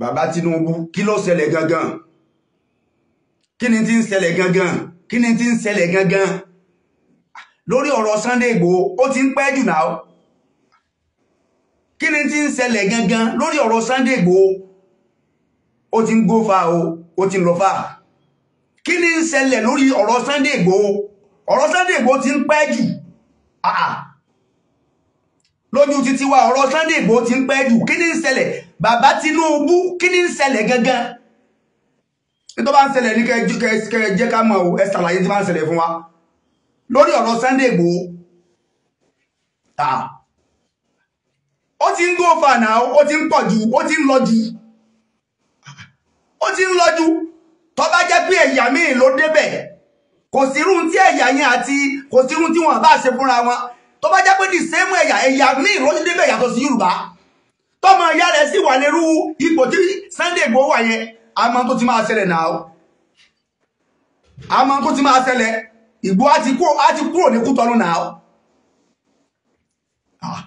bàbá Tinubu kí ló ṣẹlẹ̀ gangan kí ni ti ń ṣẹlẹ̀ gangan kí ni ti ń ṣẹlẹ̀ gangan lórí ọ̀rọ̀ Sunday Igboho ó ti ń pẹ́ jù náà kí ni ti ń ṣẹlẹ̀ gangan lórí ọ̀rọ̀ Sunday Igboho ó ti ń gófà o ó ti ń lọ fà kí ni ń ṣẹlẹ̀ lórí ọ̀rọ̀ Sunday Igboho ọ̀rọ̀ Sunday Igboho ti ń pẹ́ jù àà lójú títí wa ọ̀rọ̀ Sunday Igboho ti ń pẹ́ jù kí ni ń ṣẹlẹ̀ bàbá Tinubu kí ni ń ṣẹlẹ̀ gangan tó bá ń ṣẹlẹ̀ ní kẹ́ jẹ́ ká mọ̀ ẹ ṣàlàyé tí bá ń ṣẹlẹ̀ fún wa lórí ọ̀rọ̀ Sunday Igboho ó ti ń gófà náà ó ti ń pọ̀ jù ó ti ń lọ jù ó ti ń lọ jù tó jẹ́ pé ẹ̀yà míì ló débẹ̀ kò sírun tí ẹ̀yà yẹn àti kò sírun tí wọ́n bá ṣe fúnra wọn tó bá jẹ́ pé the same ẹ̀yà ẹ̀yà míì lọ́sídé bẹ́ẹ̀ yàtọ̀ sí Yorùbá tọmọ ìyá rẹ̀ sì wà lérú ipò tí Sunday Igboho wà yẹn àmọ́ tó ti máa ṣẹlẹ̀ náà àmọ́ tó ti máa ṣẹlẹ̀ Ìgbò á ti kúrò ní Kútọ́nù náà ah,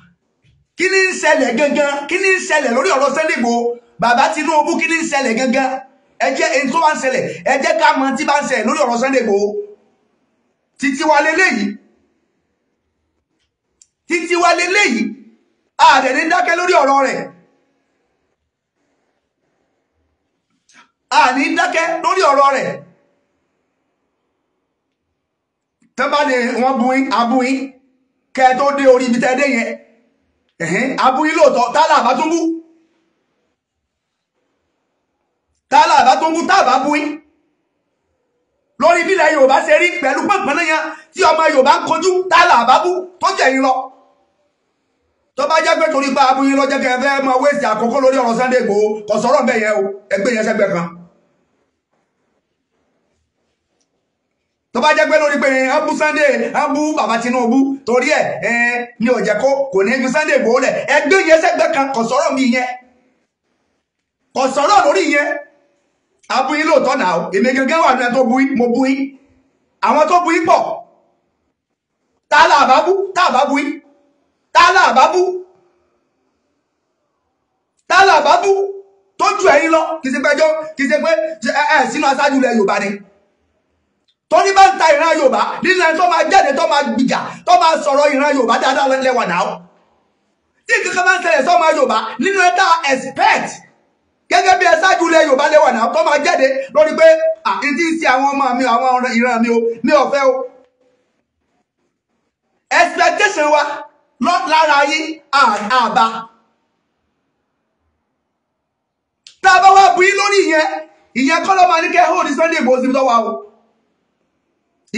kí ni ń ṣẹlẹ̀ gangan kí ni ń ṣẹlẹ̀ lórí ọ̀rọ̀ Sunday Igboho bàbá Tinubu kí ni ń ṣẹlẹ̀ gangan ẹ jẹ́ èyí tó bá ń ṣẹlẹ̀ ẹ jẹ́ ká mọ̀ tí bá ń ṣẹlẹ̀ lórí ọ̀rọ̀ Sunday Igboho títí wa lélẹ́yìí títí wá léléyìí ààrẹ ní dákẹ́ lórí ọ̀rọ̀ rẹ̀ àní dákẹ́ lórí ọ̀rọ̀ rẹ̀ tẹ́ bá ní wọ́n buin abuin kẹ́ tó dé orí ibi tẹ́dé yẹn ẹ̀hìn abuin lóòótọ́ tálà àbátúnbú tálà àbátúnbú tábà buin lórí bílẹ̀ yorùbá ṣe rí pẹ̀lú pọ̀npọ̀n náà yẹn tí ọmọ yorùbá ń kojú tálà àbábú tó jẹ́ yín lọ tó bá jẹ́ pé torí pa abúyín lọ́jọ́ kẹ́ fẹ́ máa wéṣì àkókò lórí ọ̀rọ̀ Sunday Igboho kò sọ̀rọ̀ bẹ́ẹ̀ yẹn o ẹgbẹ́ yẹn sẹ́gbẹ́ kan tó bá jẹ́ pé lórí pé ẹbú Sunday ẹbú bàbá Tinubu torí ẹ̀ ẹ ní ọ̀jẹ̀ kó kò ní ju Sunday Igboho lẹ̀ ẹgbẹ́ yẹn sẹ́gbẹ́ kan kò sọ̀rọ̀ mi yẹn kò sọ̀rọ̀ lórí yẹn abúyín lóòótọ́ náà èmi gangan wà nínú ẹ tó búyín mo búyín àwọn tó búyín pọ̀ tá a là bá bú tá a bá búyín tá a là bá bú tá a là bá bú tó ju ẹ̀yin lọ kì í ṣe péjọ kì í ṣe pé ẹ sínú aṣáájú ilẹ̀ Yorùbá ni torí bá ń ta ìran Yorùbá nílẹ̀ tó máa jáde tó máa gbìjà tó máa sọ̀rọ̀ ìran Yorùbá dáadáa lẹ́wà náà tí nǹkan kan ń ṣẹlẹ̀ sọ́mọ Yorùbá nínú ẹ̀ expect gẹ́gẹ́ bí ẹ̀ṣáájú ilẹ̀ yorùbá lẹ́wà náà tó máa jáde lórí pé àti tí ń ṣe àwọn ọmọ mi àwọn ìran mi o mi ò fẹ́ o expectation wa lára yín àbá tá a bá wá bu yín lórí ìyẹn ìyẹn kọ́ ló máa ní kẹ́ hold Sunday Igboho síbi tó wà o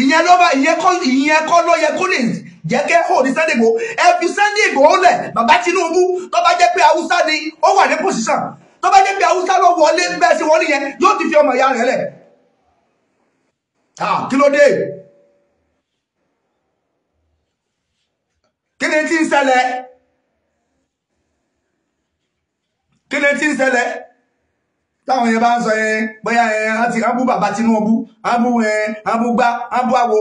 ìyẹn ló bá ìyẹn kọ́ ló yẹ kó lè jẹ́ kẹ́ hold Sunday Igboho ẹ fi Sunday Igboho lẹ̀ bàbá Tinubu tó bá jẹ́ pé haúsá ni ó wà ní position tó bá jẹ́ pé haúsá ló wọlé bẹ́ẹ̀ sí wọlé yẹn yóò ti fi ọmọ ìyá rẹ̀ lẹ̀ ah, kí ló dé kí ni tí ń ṣẹlẹ̀ kí ni tí ń ṣẹlẹ̀ táwọn yẹn bá ń sọ yẹn bóyá yẹn láti abú bàbá Tinubu abú yẹn abú gbá abú àwo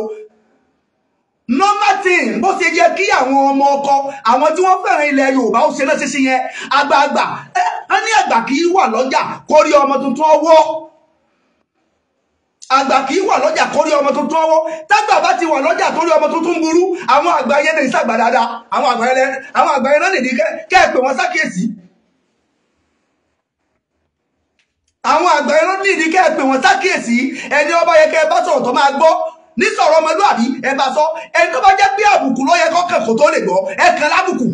normal thing bó ṣe yẹ kí àwọn ọmọ ọkọ àwọn tí wọ́n fẹ́ràn ilẹ̀ yorùbá ó ṣe náà ṣe ṣe yẹn àgbààgbà ẹ ní àgbà kì í wà lọ́jà kórí ọmọ tuntun ọwọ́ àgbà kì í wà lọ́jà kórí ọmọ tuntun ọwọ́ tágbà bá ti wà lọ́jà torí ọmọ tuntun burú àwọn àgbà yẹn lè ṣàgbà dáadáa àwọn àgbà yẹn àwọn àgbà yẹn náà lè ní kẹ́ ẹ pè wọ́n sákèsì àwọn àgbà yẹn náà lè ní kẹ́ ẹ pè wọ́n sákèsì ẹni ọba yẹ kẹ́ ẹ bá sọ̀rọ̀ tó máa gbọ́ ní sọ̀rọ̀ ọmọlúàbí ẹ bá sọ ẹni tó bá jẹ́ pé àbùkù ló yẹ kọ́kàn kò tó lè gbọ́ ẹ kàn lábùkù.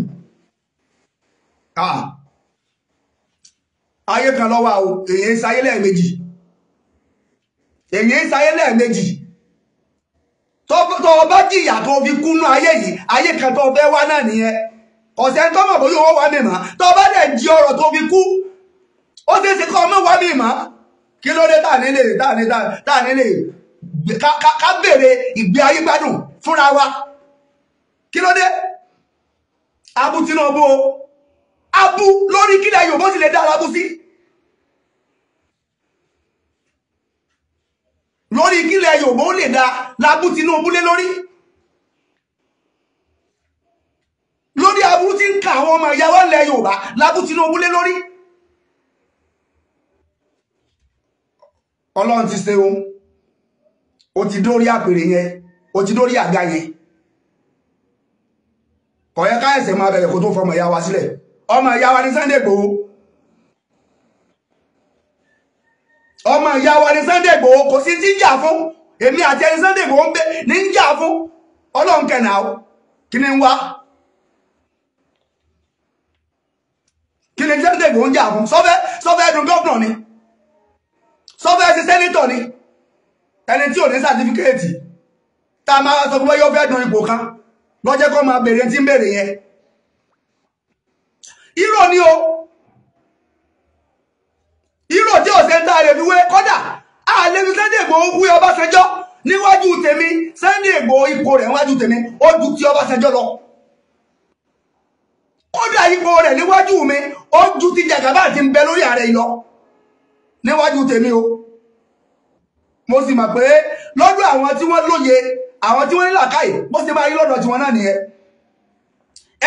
ayé kan lọ́wọ́ àwọn èèyàn ìsáyé lẹ́ẹ̀mejì èèyàn ìsáyé lẹ́ẹ̀mejì tó o bá jìyà tó o fi kúnú ayé yìí ayé kan tó o fẹ́ wá náà nìyẹn ọ̀sẹ̀ tó mọ̀ bóyá owó wà mímọ́ tó o bá dẹ̀ di ọ̀rọ̀ tó fi kú ó ṣeé ṣe kọ́ ọmọ wa mímọ́ kí ló dé tà nílé tà nílé ká béèrè ìgbé ayé gbádùn fúnra wa kí ló dé abú Tinubu abú lórí kílẹ̀ Yorùbá sì lè dá abú sí lórí kílẹ̀ Yorùbá ó lè dá labú Tinubu lé lórí lórí aburú tí ń ka àwọn ọmọ ìyá wa ilẹ̀ Yorùbá labú Tinubu lé lórí ọlọ́run ti ṣe ohun ó ti dórí pere nye ó ti dórí àga yẹn kọ̀yẹ́ káyẹ̀sẹ̀ máa bẹ̀rẹ̀ kó tó fọmọ le wa sílẹ̀ ọmọ ya wa ní Sunday Igboho ọmọ wa n'i Sunday Igboho kò sí tíjà fún èmi àti Sunday ni ń wá kí ni Sunday Igboho ń jà fún sọfẹ́ sọfẹ́ dùn ẹni tí ò ní sàtífíkẹ́ẹ̀tì tá máa sọ pé yóò fẹ́ dun ipò kan lọ́jẹ́ kó máa tí ń yẹn ni o irọ́ tí ò sẹ́ńtà rẹ̀ fi wé kọ́dà àlejò Sunday Igboho wí Ọbásanjọ́ níwájú tèmi Sunday Igboho ipò rẹ̀ níwájú tèmi ó ju ti lọ ipò rẹ̀ níwájú mi ó ju ti Jagaban àti ń bẹ lórí ààrẹ yìí lọ o. mo sì mọ̀ pé lọ́dọ̀ àwọn tí wọ́n lóye àwọn tí wọ́n ní làákàyè bó ṣe máa rí lọ́dọ̀ tiwọn náà nìyẹn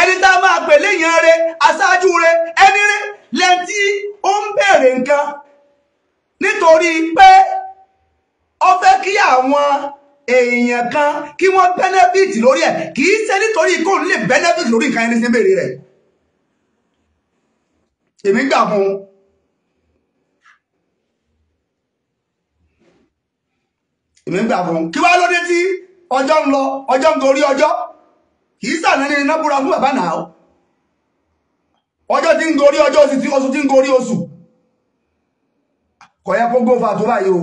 ẹni tá a máa pè léèyàn rẹ aṣáájú rẹ ẹni rẹ lẹ́ntí ó ń bèèrè nǹkan nítorí pé ó fẹ́ kí àwọn èèyàn kan kí wọ́n benefit lórí ẹ̀ kì í ṣe nítorí kó lè benefit lórí nǹkan ẹni sí bèrè rẹ̀ èmi gbà fún un èmi ń gbà fún kí wá lóde tí ọjọ́ ń lọ ọjọ́ ń gorí ọjọ́ kì í sàn ní iná búra fún bàbá náà ọjọ́ tí ń gorí ọjọ́ oṣù tí oṣù tí ń oṣù kò yẹ kó gófà tó báyìí o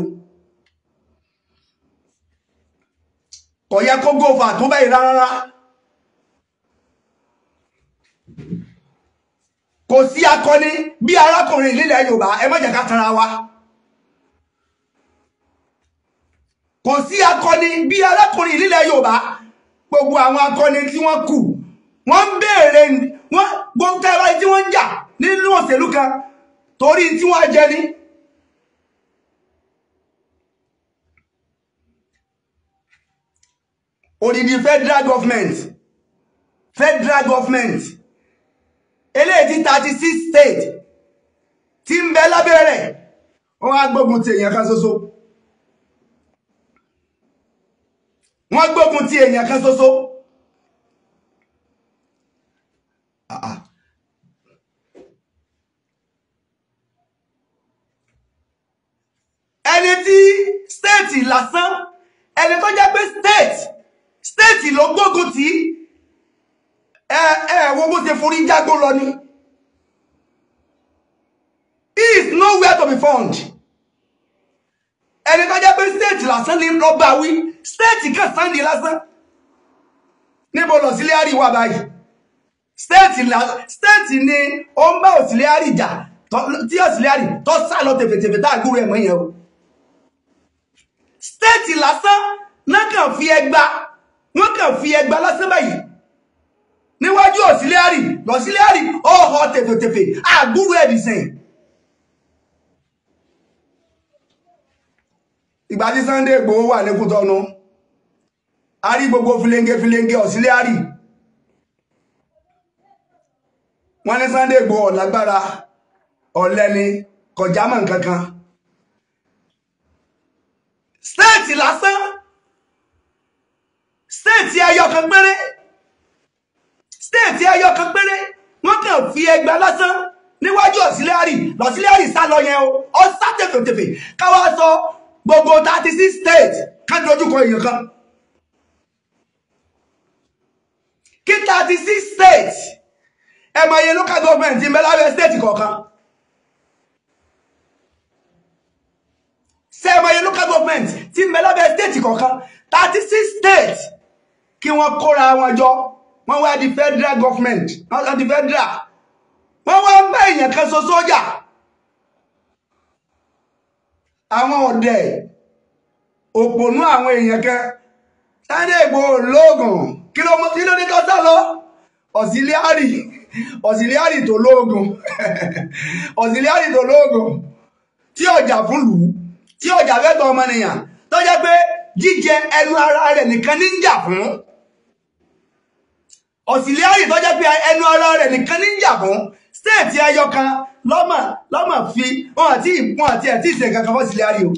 kò yẹ kó gófà tó báyìí rárá akọni bí arákùnrin nílẹ̀ Yorùbá ẹ má wa. kò sí akọni bí arákùnrin ìlílẹ̀ yorùbá gbogbo àwọn akọni tí wọ́n kù wọ́n ń béèrè wọ́n gbóńtà ẹ̀rọ tí wọ́n ń jà nínú òṣèlú kan torí tí wọ́n jẹ ní. odidi federal government federal government eléyìí thirty six state ti ń bẹ lábẹ́rẹ̀ wọ́n á gbógun ti èèyàn kan ṣoṣo. wọ́n gbógun ti èèyàn kan ṣoṣo ah, ah. ẹni tí stéètì lásán ẹni tó jẹ́ pé stéètì stéètì ló gbógun tí ẹ ẹ wo bó ṣe forí jágbó lọ ni he is nowhere to be found ẹni tó jẹ́ pé stéètì lásán ní rọ́bà wí stéètì kan sáńdì lásán níbo lọ sílé àrí wà báyìí stéètì ni ó ń bá òsílé àrí jà tí òsílé àrí tó sá lọ tẹ̀fẹ̀tẹ̀fẹ̀ tá àgúrò ẹ̀mọ́ yẹn o stéètì lásán náà fi ẹgba wọ́n kàn fi ẹgba lásán báyìí níwájú òsílé àrí lọ sílé àrí ọ̀họ̀ tẹ̀fẹ̀tẹ̀fẹ̀ àgúrò ẹ̀dìsẹ̀yìn ìgbà tí Sunday Igboho wà ní Kútọ́nù a rí gbogbo filenge filenge ọ̀sílẹ́àrì wọ́n ní Sunday Igboho ọ̀lágbára ọ̀lẹ́ni kọjámọ̀ kankan stéètì lásán stéètì ẹyọ kan péré stéètì ẹyọ kan péré wọ́n kàn fi ẹgbẹ́ lásán níwájú ọ̀sílẹ́àrì lọ̀sílẹ́àrì sá lọ yẹn o ọ̀sá tẹ̀fẹ̀tẹ̀fẹ̀ káwá sọ gbogbo thirty six states ká dojúkọ èèyàn kan kí thirty six states ẹ mọ iye local government ń bẹ lábẹ́ state kọ̀ọ̀kan ṣé ẹ mọ local government ti ń bẹ state kọ̀ọ̀kan thirty six states kí wọ́n kóra wọn jọ wọ́n wá di federal government wọ́n wá di federal wọ́n wá ń bá èèyàn kan ṣoṣo jà. So àwọn ọ̀dẹ̀ òpònú àwọn èèyàn kan Sunday Igboho lóògùn kí ló ní kó sá lọ ọ̀sìlíárì ọ̀sìlíárì tó lóògùn tí ọjà fún lù tí ọjà fẹ́tọ̀ ọmọnìyàn tó jẹ́ pé jíjẹ ẹnu ara rẹ̀ nìkan ní ń jà fún nìkan ní ń jà lọ́mà lọ́mà fi wọn àti ìpọn àti ẹ̀tí ìṣẹ̀ kankan fọ́ sílẹ̀ àríò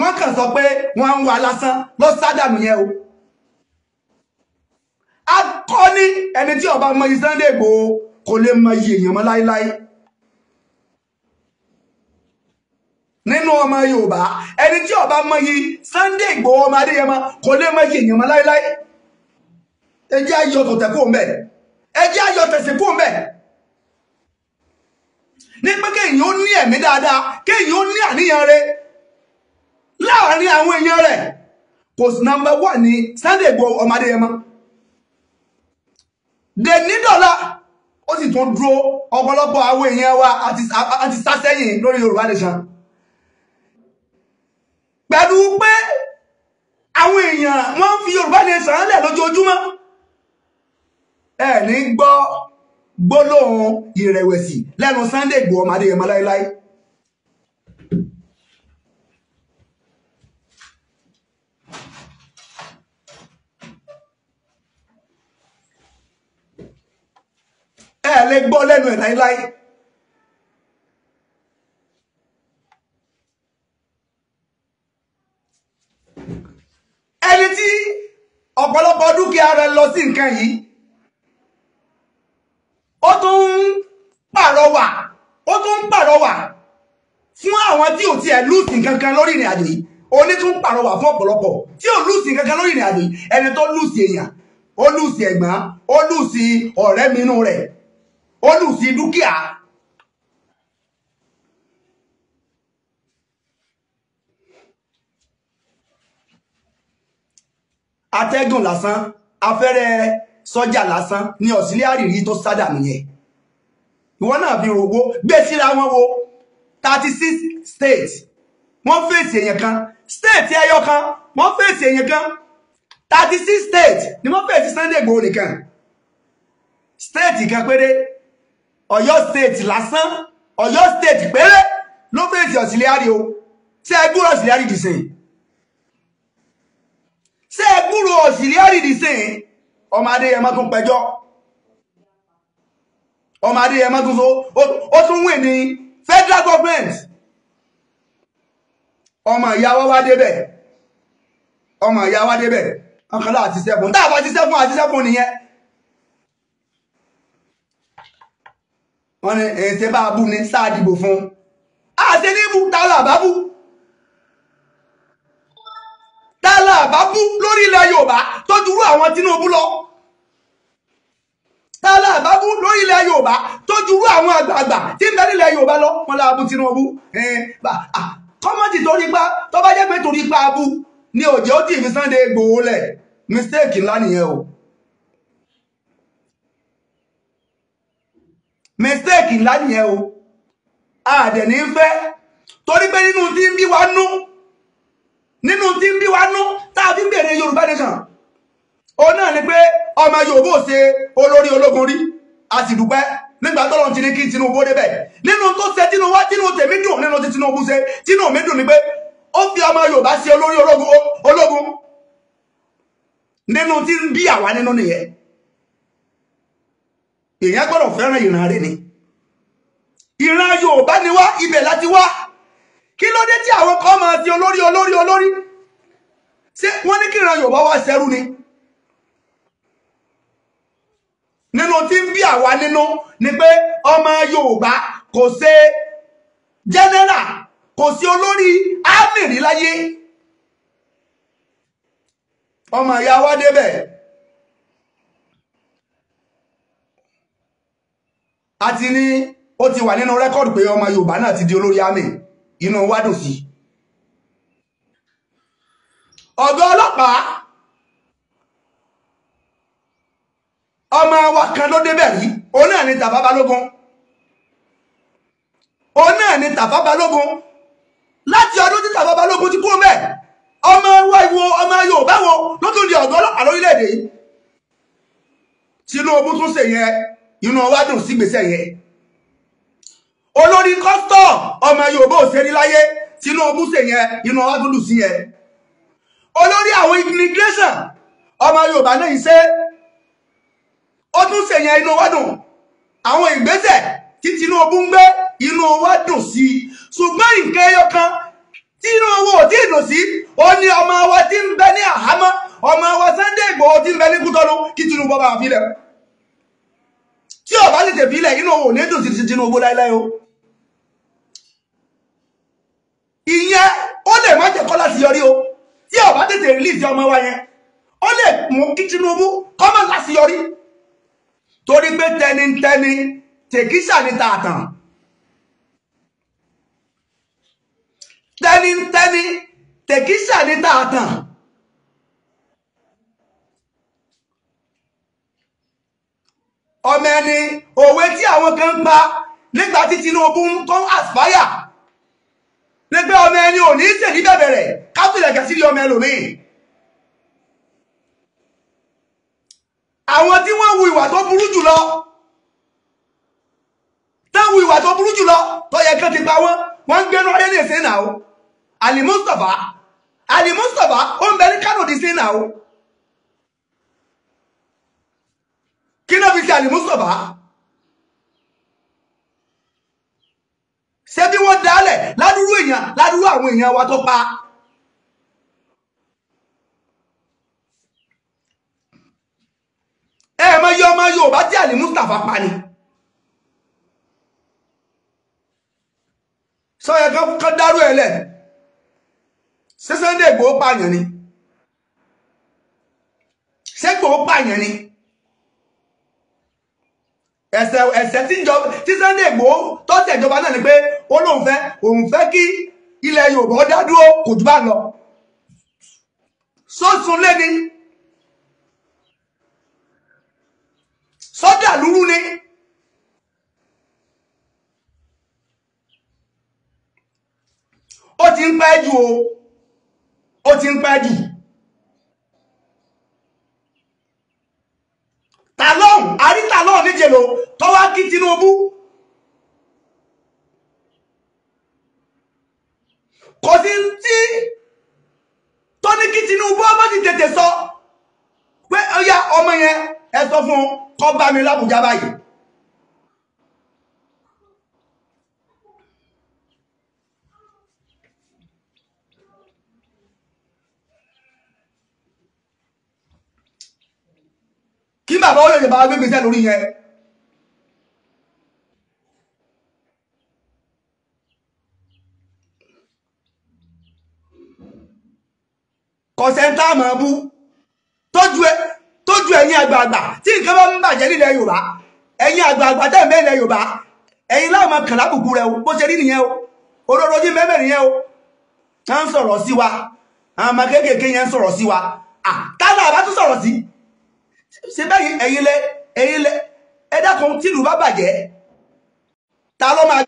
wọ́n kàn sọ pé wọ́n ń wà lásán lọ sádàmù yẹn o akọni ẹni tí ọba mọyì Sunday Igboho kò lè mọyì èèyàn mọ́ láíláí nínú ọmọ Yorùbá ẹni tí ọba mọyì Sunday Igboho ọmọ Adéyẹmọ kò lè mọyì èèyàn mọ́ láíláí ẹ jẹ́ ayọ̀ tọ̀tẹ̀ kó ń bẹ̀ ẹ jẹ́ tẹ̀sí kó ń bẹ̀. ní pé kéèyàn ó ní ẹ̀mí dáadáa kéèyàn ó ní àníyàn rẹ. láàárín àwọn èèyàn rẹ̀ kò sí nọ́mbà wà ní Sunday Igboho ọmọ ó sì tún dúró ọ̀pọ̀lọpọ̀ àwọn èèyàn wa àti sásẹ́yìn lórí Yorùbá Nation pé àwọn èèyàn fi gbólóhùn ìrẹ̀wẹ̀sì lẹ́nu Sunday Igboho ọmọ Adéyẹmọ láéláé ẹ lè gbọ́ lẹ́nu ẹ̀ láéláé. ẹni tí ọ̀pọ̀lọpọ̀ dúkìá rẹ̀ lọ sí nǹkan yìí ó tún ń pàrọwà ó tún ń pàrọwà fún àwọn tí ò tiẹ̀ lùsìn kankan lórí ìrìn àjò yìí oní tún pàrọwà fún ọ̀pọ̀lọpọ̀ tí ò lùsìn kankan lórí ìrìn àjò yìí ẹni tó lùsìn èèyàn ó lùsìn ẹ̀gbọ́n ó lùsìn ọ̀rẹ́ mi rẹ̀ ó lùsìn dúkìá atẹ́gùn lásán afẹ́rẹ́ sọ́jà lásán ní ọ̀sílẹ̀ rí tó sádà nìyẹn ìwọ náà fi rògbó gbé síra wọn wo thirty six states wọ́n fèsì èèyàn kan state ẹyọ kan wọ́n fèsì èèyàn kan thirty six states ni wọ́n fèsì Sunday Igboho nìkan state kan péré Ọ̀yọ́ state lásán Ọ̀yọ́ state péré ló fèsì ọ̀sílẹ̀ rí o ṣé ẹ gbúrò ọ̀sílẹ̀ rí dìsìn ṣé ẹ gbúrò ọ̀sílẹ̀ rí dìsìn ọmọ adéyẹmọ tún pẹjọ́ ọmọ adéyẹmọ tún so ó tún wìn ní federal government ọmọ ìyàwó wá débẹ̀ ọmọ ìyàwó wá débẹ̀ ọkànlá àti sẹ́fún táàbà àti sẹ́fún àti sẹ́fún nìyẹn wọ́n ní ẹ̀ẹ́sẹ̀ bá bú ní sáà dìbò fún àti níbú tààlà bá bú tààlà bá lórí ilẹ̀ Yorùbá tó jurú àwọn Tinubu lọ tálà àbábú lórí ilẹ̀ Yorùbá tó jurú àwọn àgbààgbà tí ń darí ilẹ̀ Yorùbá lọ wọn láàbù Tinubu kọ́mọ̀tì torí pa tó bá jẹ́ pé torí pa abú ni òjò ó tì fi Sunday Igboho lẹ̀ mistake ńlá nìyẹn o. mistake ńlá nìyẹn o àdẹ̀ ní fẹ́ torí pé nínú tí ń bí wa nú nínú tí ń bí wa nú tá a fi ń bèrè Yorùbá nation o náà ni pé ọmọ Yorùbá ò ṣe olórí ológun rí a sì ti ní kí Tinubu débẹ̀ nínú tó ṣe Tinubu Tinubu tèmi dùn nínú ti Tinubu ṣe Tinubu mi dùn ni pé ó fi ọmọ Yorùbá ṣe olórí ológun nínú tí bí àwa nínú nìyẹn èèyàn gbọ́dọ̀ fẹ́ràn ìran ni ìran Yorùbá ni wá ibẹ̀ láti wá kí ló dé tí àwọn kan máa olórí olórí olórí ni nínú tí ń bí àwa nínú ni pé ọmọ Yorùbá kò ṣe jẹ́nẹ́rà kò sí olórí ámìrí láyé ọmọ ìyá wa débẹ̀ àti ní ó ti wà nínú rẹ́kọ̀dù pé ọmọ Yorùbá náà ti di olórí ámì inú wa sí ọ̀gá ọlọ́pàá ọmọ wa kan ló débẹ̀ rí òun náà ni Tàfà Balógun òun náà ni Tàfà Balógun láti ọdún tí Tàfà Balógun ti kú mẹ́ ọmọ wa ìwo ọmọ Yorùbá wo ló tún di ọ̀gá ọlọ́pàá lórílẹ̀‐èdè yìí Tinubu tún ṣe yẹn inú wa dùn sí gbèsè yẹn olórí kọ́sítọ̀ ọmọ Yorùbá ò ṣe rí láyé Tinubu ṣe yẹn inú wa dùn sí yẹn olórí àwọn immigration ọmọ Yorùbá náà yìí ṣe ó tún ṣèyẹn inú wa dùn àwọn ìgbésẹ̀ tí Tinubu ń gbé inú wa dùn sí i ṣùgbọ́n nǹkan ẹyọ kan Tinubu ò tí ì dùn sí ó ní ọmọ wa ti ń bẹ ní àhámọ́ ọmọ wa Sunday Igboho ti ń bẹ ní Kútọ́nù kí Tinubu bá wà fílẹ̀ tí ó bá sì tẹ̀ fílẹ̀ inú òun ò ní dùn Tinubu láéláé o ìyẹn ó lè má jẹ́ kọ́ láti yọrí o tí ó bá tètè release ọmọ wa yẹn ó lè mú kí Tinubu kọ́mọ̀ láti yọrí torí pé tẹnitẹni tèkísà ni tààtàn tẹnitẹni tèkísà ní tààtàn ọmọ ẹni òwe tí àwọn kan ń pa nígbà tí Tinubu ń kọ́ àspáyà pé ọmọ ẹni ò ní í sèdí bẹ̀bẹ̀rẹ̀ ká tilẹ̀ gẹ̀ sí ọmọ ẹlòmíì. àwọn tí wọ́n wu ìwà tó burú jùlọ táwọn ìwà tó burú jùlọ tó yẹ kán ti pa wọ́n wọ́n ń gbénu ayé nìsín náà o Ali Mustapha Ali Mustapha ó ń bẹ ní Kano dì sí náà o kí náà fi ṣe Ali Mustapha ṣé bí wọ́n dálẹ̀ ládùúrú èèyàn ládùúrú àwọn èèyàn wa tó pa. ẹ mọ iye ọmọ Yorùbá tí àlè Mustapha pa ni sọyẹ kan dárú ẹ lẹ ṣé Sunday Igboho pààyàn ni ṣé Igboho pààyàn ni ẹsẹ ẹsẹ tí Sunday Igboho tọ́sẹ̀ ìjọba náà ni pé ó lóun fẹ́ òun fẹ́ kí ilẹ̀ Yorùbá dá dúró kò jù bá lọ sọ́sùn lé ni. sọ́dà lúrú ni. ó ti ń pẹ́ jù o ó ti ń pẹ́ jù. tàlọ́hùn àrítàlọ́hùn níjẹ̀ lò tọ́wá kí Tinubu kò sí tí tó ní kí Tinubu ọmọ ti tètè sọ pé ó yá ọmọ yẹn ẹ sọ fún un kọ́ bá mi lábùjá báyìí kí bàbá ó lè lè bàbá gbégbèsè lórí yẹn kọ̀sẹ̀ntà mọ̀ bú tójú ẹ àgbààgbà tí nǹkan bá ń bàjẹ́ nílẹ̀ yorùbá ẹ̀yin àgbààgbà tẹ̀ mẹ́ yorùbá ẹ̀yin láàmú kàlá bùkù rẹ bó ṣe rí nìyẹn o òróró jí mẹ́mẹ́ nìyẹn o à ń sọ̀rọ̀ sí wa àwọn kéékèèké yẹn ń sọ̀rọ̀ sí wa tálà àbá tún sọ̀rọ̀ sí ṣe bẹ́ẹ̀ ẹ̀yin lẹ ẹ̀yin lẹ ẹ dákun tìlú bá bàjẹ́ ta ló máa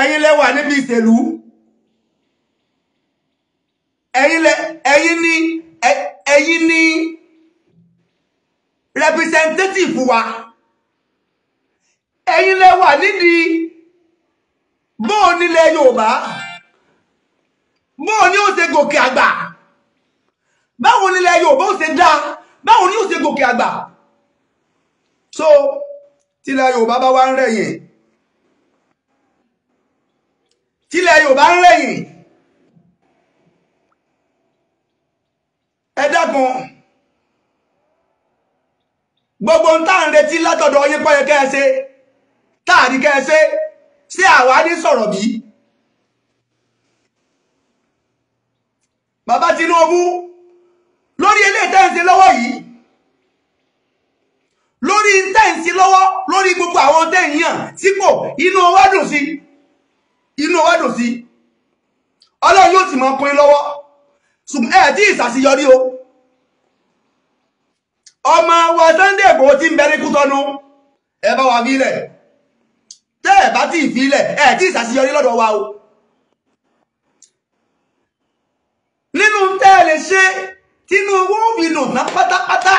ẹ̀yin lẹ wà níbi ìṣèlú ẹ̀yin lẹ ẹ̀yin ní ẹ̀yin ni representative wa ẹ̀yin lẹ wà nídìí bóò nílẹ̀ Yorùbá bóò ní ó ṣe gòkè àgbà báwo nílẹ̀ Yorùbá ó ṣe dá báwo ní ó ṣe gòkè àgbà so tílẹ̀ Yorùbá bá wá ń rẹ̀yìn tílẹ̀ Yorùbá ń rẹ̀yìn ẹ dákun gbogbo ń tá à ń retí látọ̀dọ̀ yín pọ́yẹ kẹ́ẹ̀ṣe táàrí kẹ́ẹ̀ṣe sí àwárí sọ̀rọ̀ bí. bàbá Tinubu lórí ilé tẹ́ǹsì lọ́wọ́ yìí lórí tẹ́ǹsì lọ́wọ́ lórí gbogbo àwọn tẹ́ǹyàn sípò inú wa dùn sí inú wa dùn sí ọlọ́run yóò sì mọ kún in lọ́wọ́ ṣùgbọ́n ẹ̀ tí ìsàṣeyọrí o ọma wa sande Igboho ti ń ẹ wa fílẹ̀ tẹ́ ẹ bá ẹ wa o nínú tẹ́ ẹ lè Tinubu fi na patapata pátápátá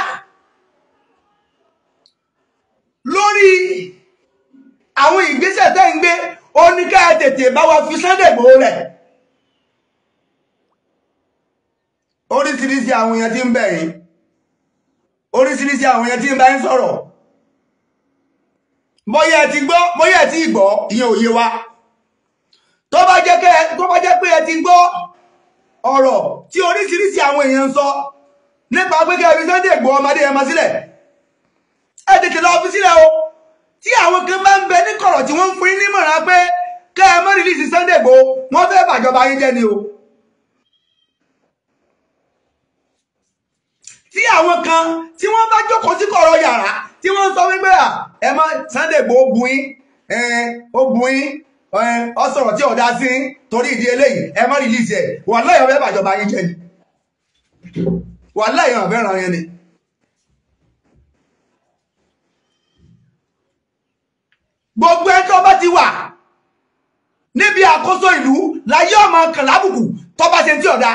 lórí àwọn ìgbésẹ̀ tẹ́ ń gbé ó ní ká ẹ tètè fi oríṣiríṣi àwọn yẹn tí ń bá ń sọ̀rọ̀ bóyá ti gbọ́ ti gbọ́ ìyẹn òye wa tó bá jẹ́ pé ẹ ti gbọ́ ọ̀rọ̀ tí oríṣiríṣi àwọn èèyàn ń sọ nípa pé kí ẹ fi ọmọdé o tí àwọn kan bá ń bẹ ní kọ̀rọ̀ tí wọ́n fún yín nímọ̀ràn pé kẹ́ ẹ rìlíìsì ni o. tí àwọn kan tí wọ́n bá jókòó sí kọ̀rọ̀ yàrá tí wọ́n sọ wípé à ẹ má Sunday Igboho bùn yín ó bùn yín ọ sọ̀rọ̀ tí ọ̀dá sí torí ìdí eléyìí ẹ má rìlíìsì ẹ̀ wà láyọ̀ fẹ́ bàjọba yín jẹ́ ni wà láyọ̀ fẹ́ ràn yẹn ni. gbogbo ẹ tó bá ti wà níbi àkóso ìlú láyé ọmọ kàlábùkù tó bá ṣe tí ọ̀dá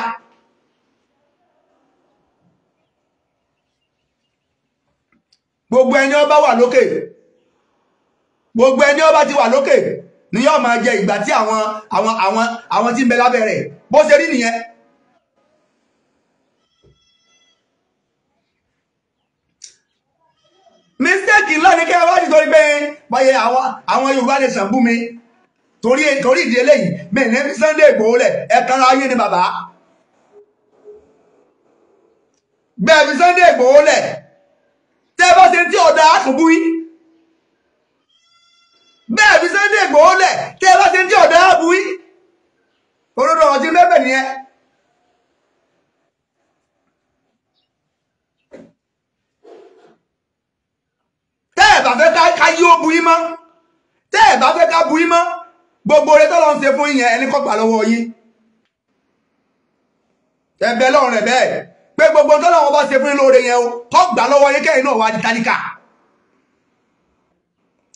gbogbo ẹni ọba wà ti wà lókè ni yóò máa jẹ ìgbà tí àwọn àwọn àwọn àwọn tí ń bẹ lábẹ́ bó ṣe rí nìyẹn mistake ńlá kí kẹ́kẹ́ wá sí torí pé báyẹ àwọn àwọn Yorùbá lè sàn mi torí ìdí ẹ kanra ayé ni bàbá tẹ́ bá ṣe tí ọ̀dà àkànbú yín bẹ́ẹ̀ fi Sunday Igboho lẹ̀ tẹ́ bá ṣe tí ọ̀dà àbú yín olódò ọ̀rọ̀ ti mẹ́bẹ̀ nìyẹn. tẹ́ ẹ̀ bá fẹ́ ká yí ó bu yín mọ́ tẹ́ ẹ̀ bá fẹ́ ká bu yín mọ́ gbogbo rẹ tọ́lọ́ ń ṣe fún yín yẹn ẹni kọ́ gbà lọ́wọ́ yín ẹ bẹ lọ́rùn rẹ bẹ́ẹ̀ pé gbogbo tó lọ́wọ́ bá ṣe fún ilé oore yẹn o kọ́ gbà lọ́wọ́ yín kẹ́yìn náà wá di tálíkà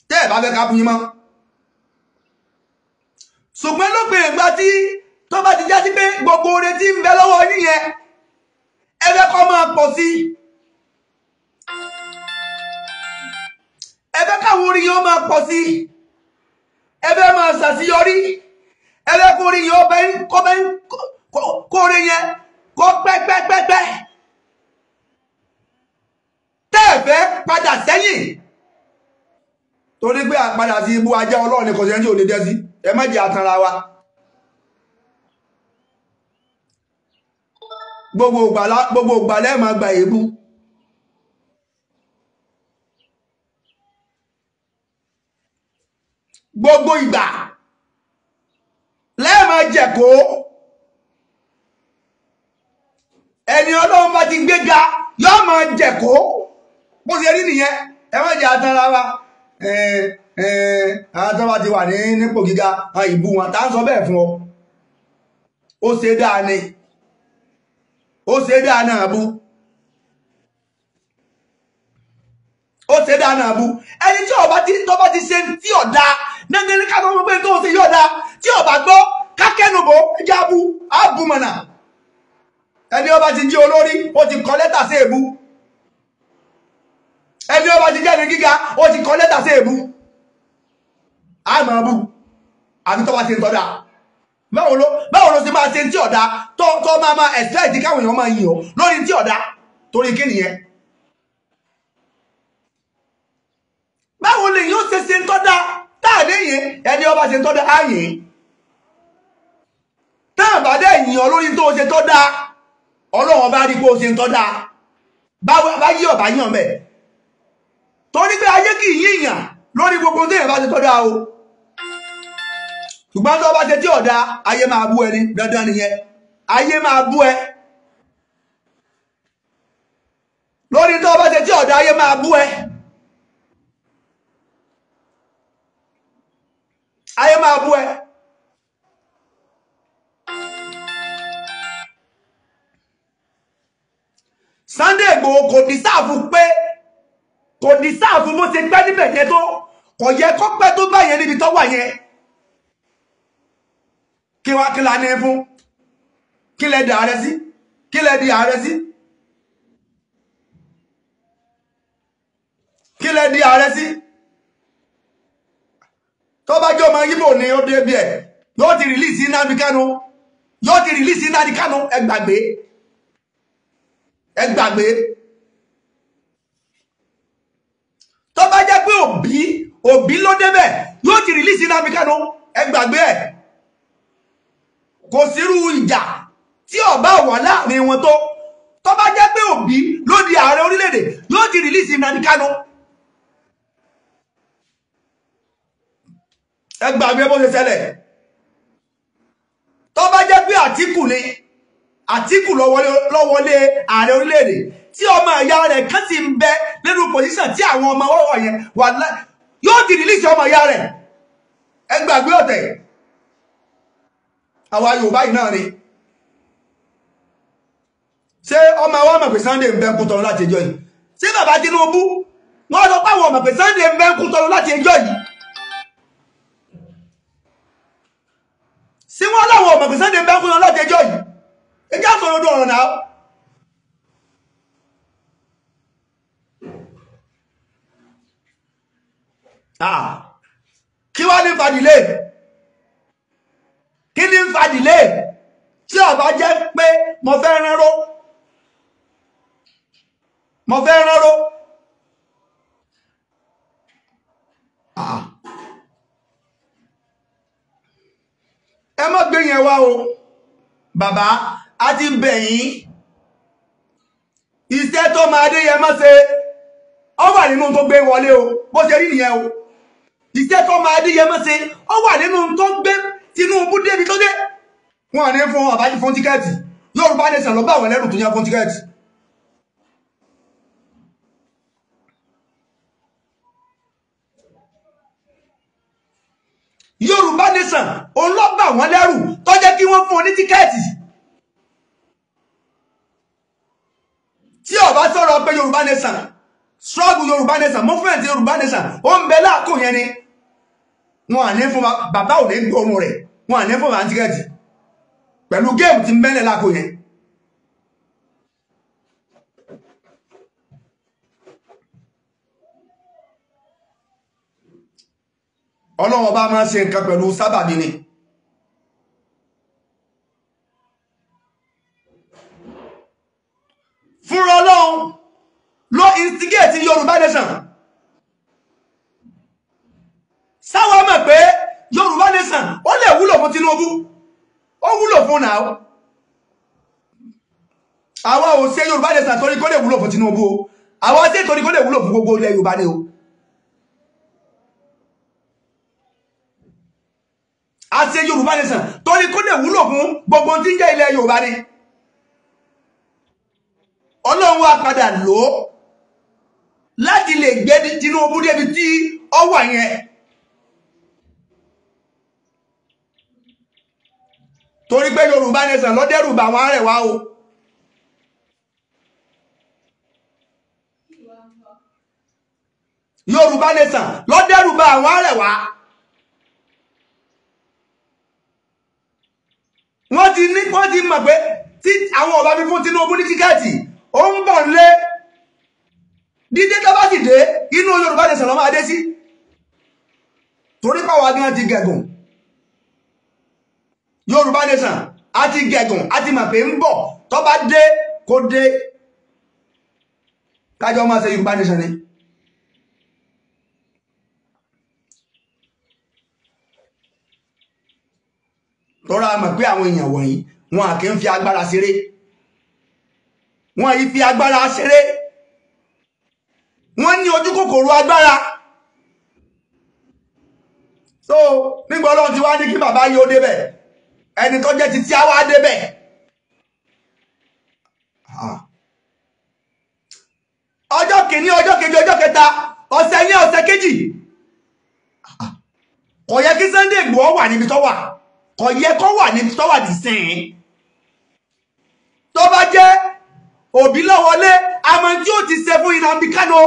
tẹ́ ẹ̀ bá fẹ́ ká fún yín mọ́ ṣùgbọ́n lópin ìgbà tí tó bá ti já sí pé gbogbo oore tí ń bẹ lọ́wọ́ yín yẹn ẹ fẹ́ kọ́ máa pọ̀ sí ẹ fẹ́ káwọn orin yẹn máa pọ̀ sí ẹ fẹ́ máa ṣàṣeyọrí ẹ fẹ́ kó orin yẹn kó orin yẹn kó pẹ́pẹ́pẹ́pẹ́ tẹ́ ẹ̀ fẹ́ padà sẹ́yìn torí pé àpadà sí ibú ajá ọlọ́run ni kò sẹ́yìn tí ò lè jẹ́ sí ẹ má jẹ́ àtànra wa. gbogbo ògbà lẹ́ẹ̀mọ́ gba èébú gbogbo ìgbà lẹ́ẹ̀mọ́ jẹ̀kọ́. ẹni ọlọ́run bá ti gbéga yóò máa jẹ̀kó bó ṣe rí nìyẹn ẹ má jẹ́ àtàn rárá àwọn tó bá ti wà ní nípò gíga ìbú wọn tá ń sọ bẹ́ẹ̀ fún ọ ó ṣe dáa ni ó ṣe dáa náà bú ó ṣe dáa náà bú ẹni tí ọba ti ti ṣe tí ká tó ń pè tó ń ṣe tí ọba gbọ́ kákẹ́nubọ̀ ẹja bú ẹni ọba ti jí olórí ó ti kọ lẹ́tà sí èbú ẹni ọba ti jẹ́ni gíga ó ti kọ lẹ́tà sí èbú àmọ́ bú àti tọ́ba ti ń tọ́da báwo ló báwo ló ṣe máa ṣe tí ọ̀dà tó tó máa máa expect káwọn èèyàn máa yìn ọ́ lórí tí ọ̀dà torí kí nìyẹn báwo lè yóò ṣe ṣe ń tọ́da táàdé yẹn ẹni ọba ṣe ń tọ́da á yìn táàbàdé yìn ọ́ lórí tó ṣe tọ́da. ọlọ́run bá rí pé o ṣe ń tọ́ bá yí ọ̀bá yàn mẹ́ torí pé ayé kì í yíyàn lórí gbogbo téèyàn bá ti tọ́ o ṣùgbọ́n tó bá ṣe tí ọ̀dá ayé máa bú ẹni dandan nìyẹn ayé máa bú ẹ lórí tó bá ṣe tí ọ̀dá ayé máa bú ẹ ayé máa bú ẹ. Sunday Igboho kò ní sáàfù pé kò ní sáàfù bó ṣe pẹ́ níbẹ̀ yẹn tó kò yẹ kó pẹ́ tó bá yẹn níbi tó wà yẹn kí wá kí la ní fún kí lẹ di ààrẹ sí kí lẹ di ààrẹ sí kí lẹ di ààrẹ sí tó bá jọ ọmọ yíbò ní ó dé bí yóò ti rìlíìsì Nnamdi Kanu yóò ti rìlíìsì Nnamdi Kanu ẹ gbàgbé ẹ gbàgbé tó bá jẹ́ pé òbí òbí ló débẹ̀ yóò ti rìlíìsì náà bíkánú ẹ gbàgbé ẹ̀ kò sírú ìjà tí ọba wà láàrin wọn tó tó bá jẹ́ pé òbí ló di ààrẹ orílẹ̀-èdè yóò ti rìlíìsì náà bíkánú ẹ gbàgbé bó ṣe ṣẹlẹ̀ tó bá jẹ́ pé Àtíkù ni. Àtíkù lọ́wọ́lé ààrẹ orílẹ̀-èdè tí ọmọ ìyá rẹ̀ kan ti ń bẹ nínú pòsíṣàn tí àwọn ọmọ ọwọ́ yẹn wà láì yóò ti rìlíṣì ọmọ ìyá rẹ̀ ẹ gbàgbé ọ̀tẹ̀ àwa Yorùbá yìí náà ni ṣé ọmọ wa mọ̀ pé Sunday ń bẹ ń kútọ́run láti ẹjọ́ yìí ṣé bàbá Tinubu wọ́n sọ pé àwọn ọmọ pé Sunday ń bẹ ń kútọ́run láti ẹjọ́ yìí ṣé wọ́n láwọn ọmọ pé Sunday ń bẹ ń kútọ́run láti ẹjọ́ yìí ẹ jẹ́ àsọ̀rọ̀dọ̀ ọ̀rọ̀ náà ah kí wá ní fàdílé kí ní fàdílé tí ọba jẹ́ pé mo fẹ́ ránró mo fẹ́ ránró ah ẹ má gbé yẹn wá o bàbá a ti ń bẹ̀ yín iṣẹ́ tó máa dé yẹn má ṣe ọ wà nínú tó gbé wọlé o bó ṣe rí nìyẹn o iṣẹ́ tó máa dé yẹn má ṣe ọ wà nínú tó gbé Tinubu débi tó dé wọn ní fún àbájú fún tíkẹ́ẹ̀tì Yorùbá nation lọ bá àwọn ẹlẹ́rù tó yá fún tíkẹ́ẹ̀tì Yorùbá nation òun lọ bá àwọn ẹlẹ́rù tó jẹ́ kí wọ́n fún ọ ní tíkẹ́ẹ̀tì tí ó bá sọ̀rọ̀ pé yorùbá nation struggle yorùbá nation movement yorùbá nation ó ń bẹ láàkó yẹn ni wọn à ní fún bàbá ò ní gbóòórùn rẹ wọn à ní fún bàńtíkẹ́ẹ̀tì pẹ̀lú géèmù ti ń bẹ́lẹ̀ láàkó yẹn. ọlọ́wọ́ bá máa ń ṣe nǹkan pẹ̀lú sábàbí ni. fúnra ọlọ́run ló instigate yorùbá nation sáwọn mọ̀ pé yorùbá nation ó lè wúlò fún tinubu ó wúlò fún náà àwọn ò yorùbá nation torí kó lè wúlò fún tinubu o àwọn ṣe torí kó lè wúlò fún gbogbo ilẹ̀ yorùbá ni o a ṣe yorùbá nation torí kó lè wúlò fún gbogbo tí ń jẹ́ ilẹ̀ yorùbá ni. ọlọ́run wá padà lò ó láti lè gbé Tinubu débi tí ó wà yẹn torí pé Yorùbá nation lọ́dẹ́rùbà àwọn arẹwà o Yorùbá nation lọ́dẹ́rùbà àwọn arẹwà. wọ́n ti ní wọ́n ti mọ̀ pé tí àwọn ọba fífún Tinubu ní tíkẹ́ẹ̀tì ó ń bọ̀ lé dídé tó bá sì dé inú Yorùbá nation ló máa dé sí torí pàwọ́ agbọ́n ti gẹ̀gùn Yorùbá nation a ti gẹ̀gùn a ti mọ̀ pé ń bọ̀ tó bá dé kó dé kájọ máa ṣe Yorùbá nation ni. rọra mọ̀ pé àwọn èèyàn wọ̀nyí wọn à ń fi agbára ṣeré wọn yìí fi agbára ṣeré wọ́n ní ojú kòkòrò agbára so nígbà ọlọ́run ti wá ní kí bàbá yìí ó débẹ̀ ẹni tó jẹ́ títí á wá débẹ̀ ah. ọjọ́ kìíní ọjọ́ kejì ọjọ́ kẹta ọ̀sẹ̀ ní ọ̀sẹ̀ kejì ah. kò yẹ kí Sunday Igboho wà níbi tó wà kò yẹ kó wà níbi tó wà dìsìn òbí lọ́wọ́lé àmọ́ tí ó ti ṣe fún Nnamdi Kanu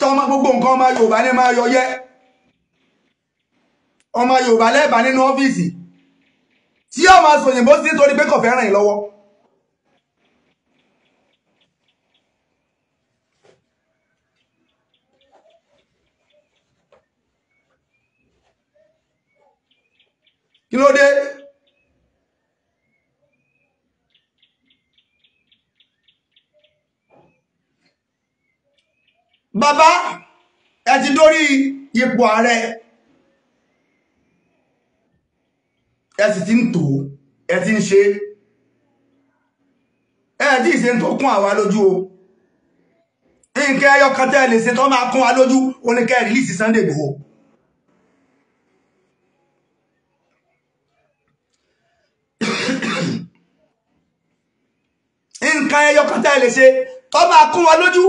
tọ́mọ gbogbo nǹkan ọmọ Yorùbá ní ma yọ yẹ ọmọ Yorùbá lẹ́ẹ̀bà nínú ọ́fíìsì tí ọmọ sòyìnbó sí torí pé kò fẹ́ràn ìlọ́wọ́ kí ló dé Baba, ẹ ti dórí ipò ààrẹ ẹ sì ti ń tò ẹ ti ń ṣe ẹ tí ìṣe tó kún àwa lójú o nǹkan ẹyọ kan tẹ́ lè ṣe tó máa kún wa lójú oníkẹ́ rìlíìsì Sunday Igboho nǹkan ẹyọ kan tẹ́ lè ṣe tó máa kún wa lójú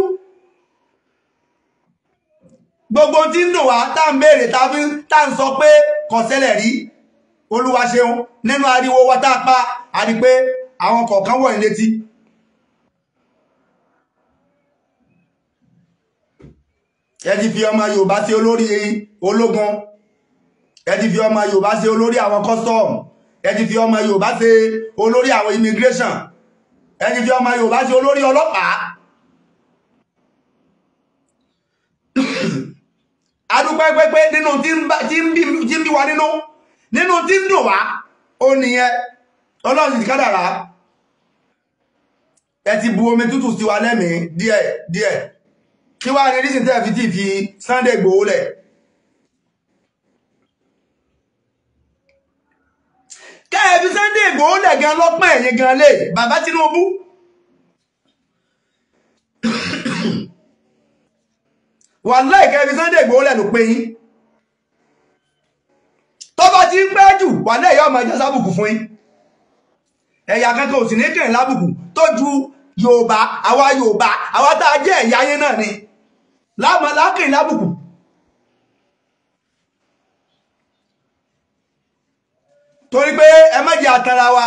gbogbo tí ń dùn wá tá ń béèrè tàbí tá ń sọ pé kò ṣẹlẹ̀ rí olúwa ṣeun nínú ariwo wa tá a pa a rí pé àwọn kọ̀ọ̀kan wọ̀ ní létí ẹ ti fi ọmọ yorùbá sí olórí ológun ẹ fi ọmọ yorùbá sí olórí àwọn custom ẹ ti fi ọmọ yorùbá sí olórí àwọn immigration ẹni bí ọmọ Yorùbá ṣe olórí ọlọ́pàá adúpẹ́ pẹ́pẹ́ nínú tí ń bí wa nínú nínú tí ń dùn wá ó nìyẹn ọlọ́run ti kádàrá ẹ ti bu omi tútù sí wa lẹ́mìí díẹ̀ díẹ̀ kí wá ní rísìn tẹ́ fi tí fi Sunday gbòó lẹ̀ tẹ́ ẹ fi Sunday Igboho lẹ̀ gan lọ́pọ̀ ẹ̀yìn gan lè bàbá Tinubu. wàláì kẹ́ ẹ fi Sunday Igboho lẹ̀ ló pé yín tó bá ti ń pẹ́ jù wàláì yóò máa jẹ́ sábùkù fún yín ẹ̀yà kankan ò sì ní kẹ̀yìn lábùkù tó ju Yorùbá àwa Yorùbá àwa tá a jẹ́ ẹ̀yà yín náà ni láàmú lákìrì lábùkù torí pé ẹ má jẹ́ àtàrà wa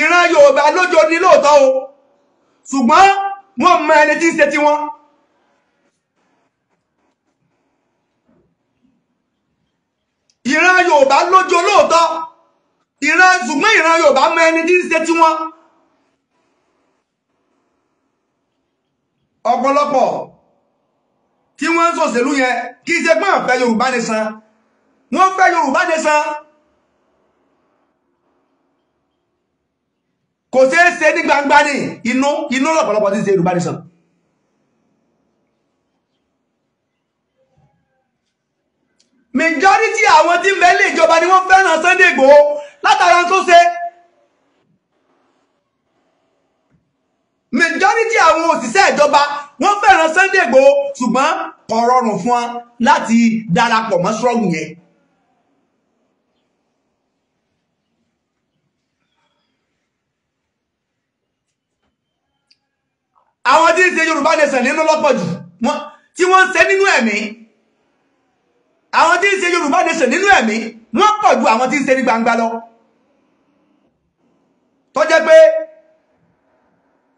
ìran Yorùbá lójó ní lóòótọ́ o ṣùgbọ́n wọ́n mọ ẹni tí ń ṣe tiwọn. ìran Yorùbá lójó lóòótọ́ ìran ṣùgbọ́n ìran Yorùbá mọ ẹni tí ń ṣe tiwọn. ọ̀pọ̀lọpọ̀ tí wọ́n ń ṣòṣèlú yẹn kì ṣe pé àfẹ́ Yorùbá nìsan wọ́n fẹ́ Yorùbá nation kò ṣeé ṣe ní gbangba ní inú inú lọ́pọ̀lọpọ̀ tí ṣe Yorùbá nation majority àwọn tí mẹ́lẹ̀ ìjọba ni wọ́n fẹ́ràn Sunday Igboho látara tó ṣe majority àwọn òṣìṣẹ́ ìjọba wọ́n fẹ́ràn Sunday Igboho ṣùgbọ́n kò rọrùn fún wọn láti darapọ̀ mọ́ struggle yẹn àwọn tí ń ṣe yorùbá nation nínú lọ́pọ̀ jù tí wọ́n ń ṣe nínú ẹ̀mí àwọn tí ń ṣe yorùbá nation nínú ẹ̀mí wọ́n pọ̀ ju àwọn tí ń ṣe ní gbangba lọ tó jẹ́ pé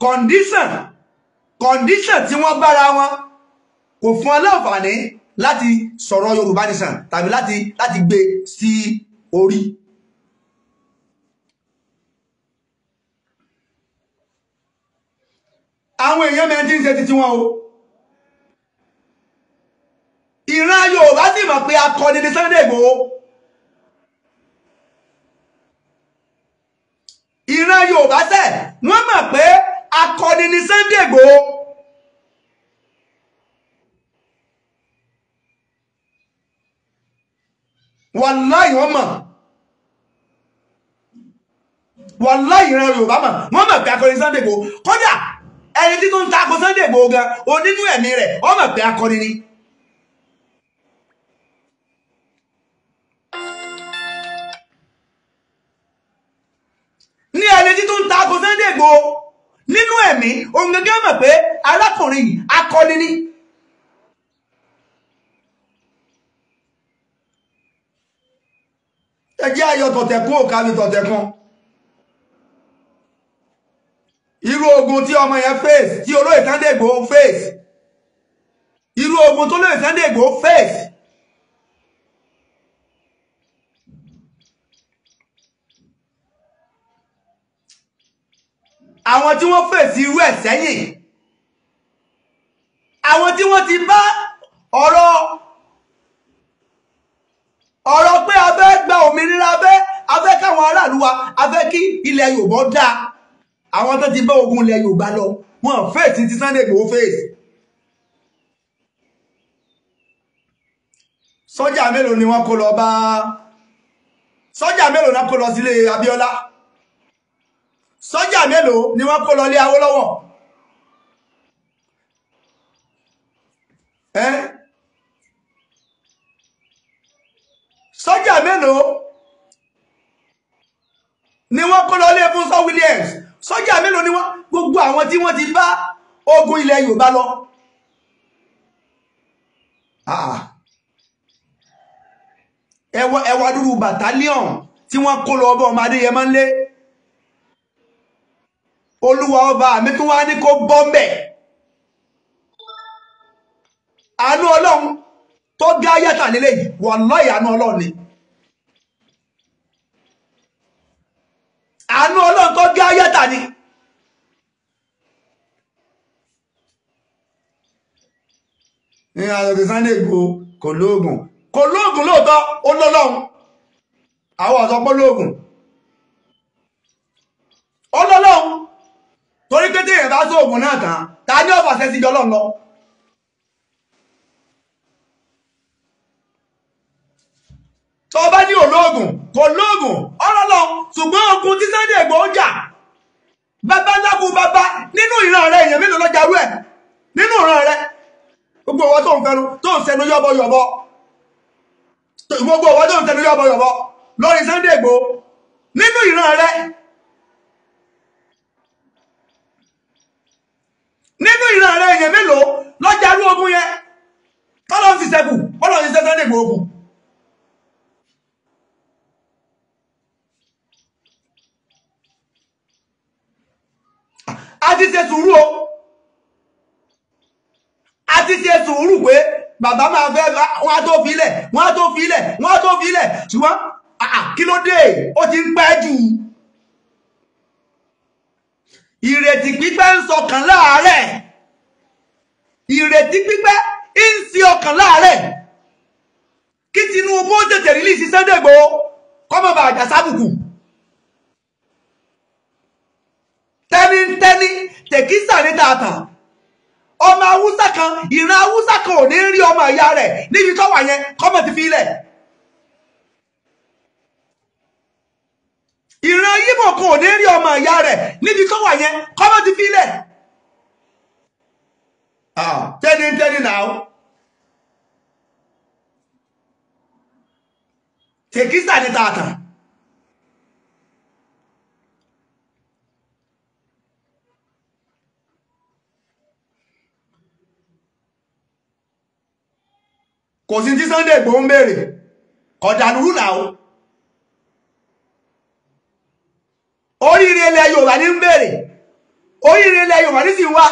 condition condition tí wọ́n bára wọn kò fún aláǹfààní láti sọ̀rọ̀ yorùbá nation tàbí láti láti gbé sí orí. àwọn èèyàn mẹ́rin tí ń ṣe titi wọn o ìran Yorùbá sì mọ̀ pé akọni ní Sunday Igboho ìran Yorùbá sẹ̀ wọ́n mọ̀ pé akọni ní Sunday Igboho wàláì wọ́n mọ̀ wàláì ìran Yorùbá mọ̀ wọ́n mọ̀ pé akọni Sunday Igboho kódà ẹni tí tó ń takò Sunday Igboho gan onínú ẹ̀mí rẹ̀ ọmọ pé akọni ni. ní ẹni tí tó ń takò Sunday Igboho nínú ẹ̀mí òun gẹ́gẹ́ mọ̀ pé alákùnrin yìí akọni ni. ẹ ayọ̀ tọ̀tẹ̀kún òkàlù tọ̀tẹ̀kún irú ogun tí ọmọ yẹn face tí olóyè Sunday Igboho face irú ogun tó olóyè Sunday Igboho face àwọn tí wọ́n face irú ẹ̀ sẹ́yìn àwọn tí wọ́n ti bá ọ̀rọ̀ ọ̀rọ̀ pé a fẹ́ gba òmìnira a fẹ́ káwọn aráàlú wa a fẹ́ kí ilẹ̀ Yorùbá dáa àwọn tó ti bá ogun ilẹ̀ Yorùbá lọ wọn fèsì ti Sunday Igboho fèsì sọ́jà mélòó ni wọ́n kó lọ bá sọ́jà mélòó náà kó lọ sílé Abíọ́lá sọ́jà mélòó ni wọ́n kó lọ lé Awólọ́wọ̀ ẹ́ sọ́jà mélòó ni wọ́n kó lọ lé Fúnsọ́ Williams sọ́jà mélòó ni wọ́n gbogbo àwọn tí wọ́n ti bá ogun ilẹ̀ Yorùbá lọ ah. ẹwà dúdú bàtálíọ̀n tí wọ́n kó lọ ọba ọmọ Adéyẹmọ ńlẹ̀ olúwa ọba àmì tó wá ní kó bọ́m̀bẹ̀ àánú ọlọ́run tó gá yàtà nílé yìí wọ́n lọ́yà àánú ọlọ́run ni àánú ọlọ́run tó gé ayẹ́ta ni. ní àlọ́dẹ Sunday Igboho kò lóògùn kò lóògùn lóòótọ́ ó lọ́lọ́run àwọn ọ̀sán pọ́ lóògùn ó lọ́lọ́run torí pé tí èèyàn bá sóògùn náà tán ta ni ọ̀fà sẹ́sì jọlọ́run lọ. tó bá ní ológun kò lóògùn ọ̀rọ̀ lọ ṣùgbọ́n ogun tí Sunday Igboho jà bàbá lákú bàbá nínú ìran rẹ èèyàn mélòó lọ́jà rú ẹ̀ nínú ìran rẹ gbogbo ọwọ́ tó ń fẹnu tó ń sẹnu yọ́bọ yọ̀bọ gbogbo ọwọ́ tó ń sẹnu yọ́bọ yọ̀bọ lórí Sunday Igboho nínú ìran rẹ nínú ìran rẹ èèyàn mélòó lọ́jà rú ogun yẹn tọ́lọ́ ń fi sẹ́kù ọlọ́run ti sẹ́ Sunday Igboho kù a ti sùúrù o a ti sùúrù pé bàbá máa fẹ́ wọ́n á tó filẹ̀ wọ́n á tó filẹ̀ wọ́n á tó filẹ̀ ṣùgbọ́n kí ló dé ó ti ń pẹ́ jù ìrètí pípẹ́ ń sọkàn láàárẹ̀ ìrètí pípẹ́ ń sí ọkàn láàárẹ̀ kí Tinubu tètè rìlíìsì Sunday Igboho ní tààtàn ọmọ awúsá kan ìran awúsá kan ò ní rí ọmọ ìyá rẹ̀ níbi tó wà yẹn kọ́mọ̀ ti fi ilẹ̀ ìran yíbò kan ò ní rí ọmọ ìyá rẹ̀ níbi tó wà yẹn kọ́mọ̀ ti fi ilẹ̀ tẹ́ni tẹ́ni náà tèkísà ní tààtàn. kò sí tí Sunday Igboho ń rúlà o oríire ilẹ̀ Yorùbá ní ń béèrè oríire ilẹ̀ Yorùbá ní sì ń wá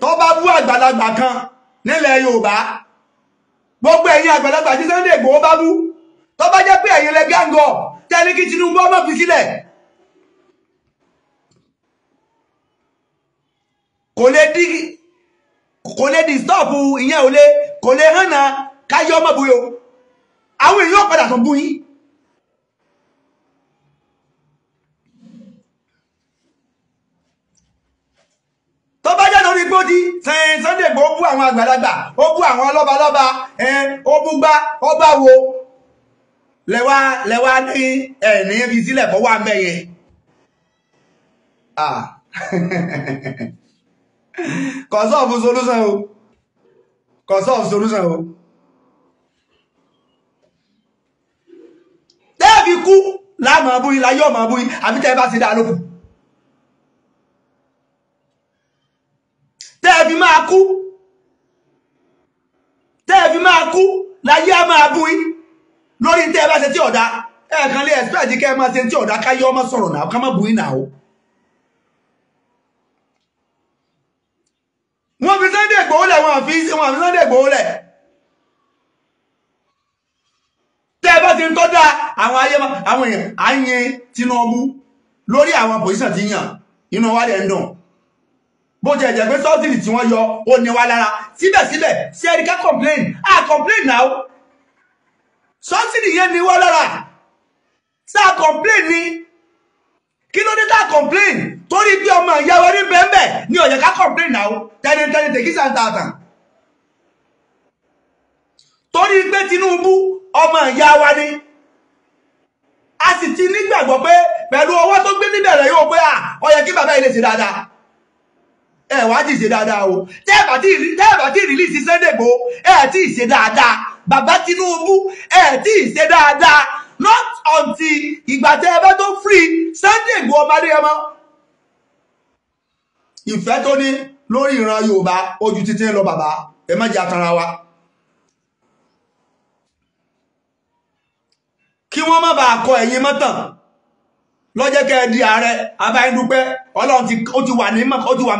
tó kan nílẹ̀ Yorùbá gbogbo ẹ̀yin àgbàlagbà tí Sunday Igboho bá bú tó bá jẹ́ pé ẹ̀yin lẹ kí fi sílẹ̀ kò lè dí kò lè disturb ìyẹn ò lè kò lè hànà káyọ ọmọ buyo àwọn èèyàn padà tún bú yín tó bá jẹ́ lórí gbódí sẹ́yìn Sunday Igboho bú àwọn àgbàlagbà ó bú àwọn ọlọ́balọ́ba ó bú gbá ó bá wo lẹ́wà lẹ́wà ní ẹ̀ẹ́nì rí sílẹ̀ fọwọ́ àmẹ́yẹ. kò sọ́ọ̀fù solúsàn o kò sọ́ọ̀fù solúsàn o tẹ́ẹ̀fì kú láàmà abúrí láyé ọmọ abúrí àbí tẹ́ẹ̀ bá ti dá lókù tẹ́ẹ̀fì máa kú tẹ́ẹ̀fì máa kú láyé ọmọ abúrí lórí tẹ́ẹ̀ bá ṣe tí ọ̀dá ẹ̀ẹ̀kan lè ẹ̀sìpẹ̀ẹ̀dì kẹ́ẹ̀ máa ṣe tí ọ̀dá káyé ọmọ sọ̀rọ̀ náà ká má burí náà o wọ́n fi Sunday Igboho lẹ̀ wọ́n fi wọ́n fi Sunday Igboho lẹ̀ tẹ́ ẹ bá ti ń tọ́ da àwọn ayé àwọn èèyàn á yin Tinubu lórí àwọn pòsíṣàn ti yàn inú wa lẹ̀ ń dùn bó jẹ́ jẹ́ pé sọ́ọ̀tìlì tí wọ́n yọ ó ní wa lára síbẹ̀síbẹ̀ ṣe ẹni ká complain a complain now sọ́ọ̀tìlì yẹn ní wa lára tá a complain ni kí ló dé tá complain. torí bí ọmọ ìyàwó ní bẹ́ẹ̀bẹ́ ní ọ̀yẹ̀ ká complain náà tẹnitẹni tẹkísà ń tààtà torí pé Tinubu ọmọ ìyá wa ni a sì ti nígbàgbọ́ pé pẹ̀lú ọwọ́ tó gbé níbẹ̀rẹ̀ yóò pé à ọ̀yẹ̀ kí bàbá ilé ṣe dáadáa ẹ wá ti ṣe dáadáa o tẹ́ẹ̀bà tí rìlíìsì Sunday Igboho ẹ ti ṣe dáadáa bàbá Tinubu ẹ ti ṣe dáadáa not until ìgbà tẹ́ ẹ bá tó free Sunday ọmọdé ìfẹ́ tó ní lórí ìran Yorùbá ojú títí lọ bàbá ẹ má jẹ́ wa kí wọ́n má bàa kọ ẹ̀yìn mọ́tàn lọ́jẹ́ di ààrẹ abáyédúpẹ́ ọlọ́run ó ti wà ní ó wà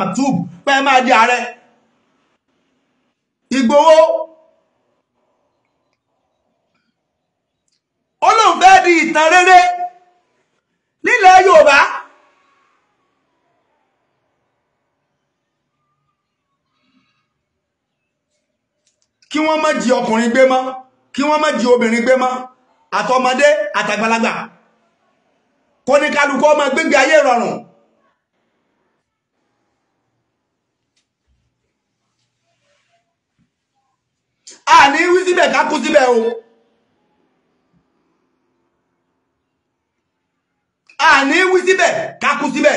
pé di ààrẹ fẹ́ kí wọ́n má jí ọkùnrin gbé mọ́ kí wọ́n má jí obìnrin gbé mọ́ àtọmọdé àtàgbàlagbà kó ní kálukú ọmọ gbégbé ayé rọrùn a ní wí síbẹ̀ ká síbẹ̀ o a ní wí síbẹ̀ ká síbẹ̀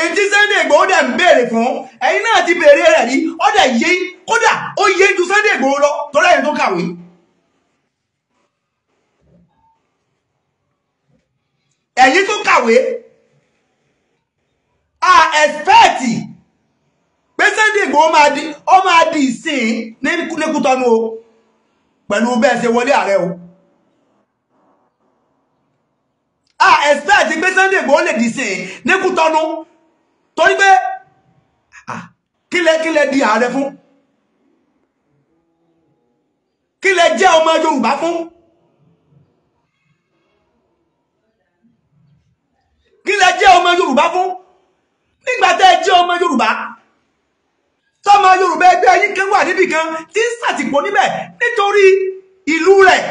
èyí tí Sunday Igboho dẹ̀ ń béèrè fún ẹ̀yin náà ti béèrè rẹ̀ rí ó dẹ̀ yé kódà ó yé ju Sunday Igboho lọ torí ẹ̀yin tó kàwé. ẹ̀yin tó kàwé a ẹ̀spẹ́ẹ̀tì pé Sunday Igboho ó máa di ìsìn ní Kútọ́nù o pẹ̀lú bẹ́ẹ̀ ṣe wọlé ààrẹ o. a ẹ̀spẹ́ẹ̀tì pé Sunday Igboho lè di ìsìn ní Kútọ́nù torí pé kílẹ̀kílẹ̀ di ààrẹ fún kílẹ̀ jẹ́ ọmọ Yorùbá fún kílẹ̀ jẹ́ ọmọ Yorùbá fún nígbàtẹ́ jẹ́ ọmọ Yorùbá tọ́mọ Yorùbá ẹgbẹ́ yín kan wà níbì kan tí ń sàtìpó níbẹ̀ nítorí ìlú rẹ̀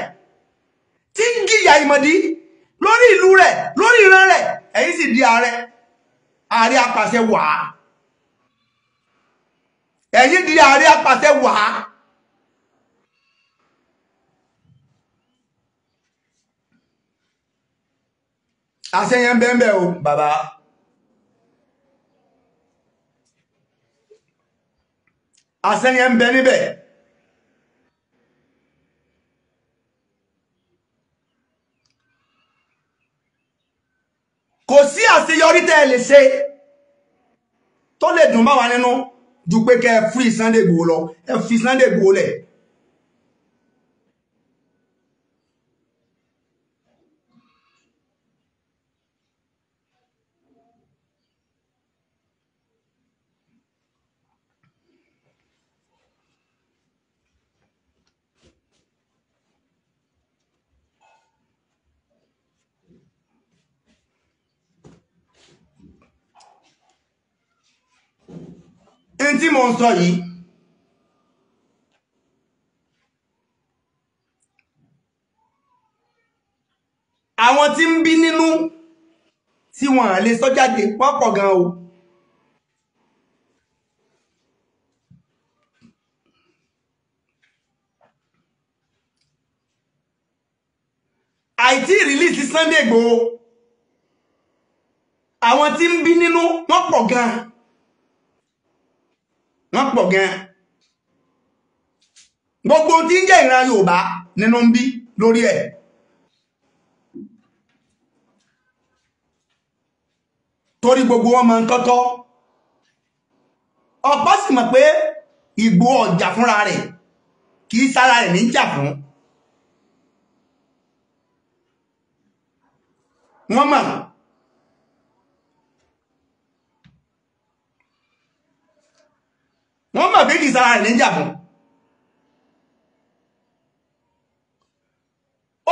tí ń gìyà ìmọ̀dí lórí ìlú rẹ̀ lórí ìran rẹ̀ ẹ̀yin sì di ààrẹ ààrẹ apàṣẹ wàá ẹ̀yin di ààrẹ apàṣẹ wàá àṣẹ yẹn bẹ́ẹ̀ o bàbá àṣẹ yẹn bẹ kò sí àṣeyọrí tẹ́ ẹ lè ṣe tó lè dùn bá wa nínú ju pé kẹ́ ẹ fi Sunday Igboho lọ ẹ fi Sunday Igboho lẹ̀ mò ń sọ yìí àwọn tí ń bí nínú tí wọ́n lè sọ jáde pọ́pọ̀ gan o àìtí ìrìlísì Sunday Igboho àwọn tí ń bí nínú wọ́n pọ̀ gan-an wọ́n pọ̀ gan gbogbo tí ń jẹ́ ìran Yorùbá nínú ń bí lórí ẹ̀ torí gbogbo wọn máa ń tọ́tọ́ ọ̀pọ̀ sì mọ̀ pé Ìgbò ọjà fúnra rẹ̀ kì í sára rẹ̀ ní jà fún wọ́n mọ̀ wọ́n mọ̀ pé kìí sára rẹ̀ ń jà fún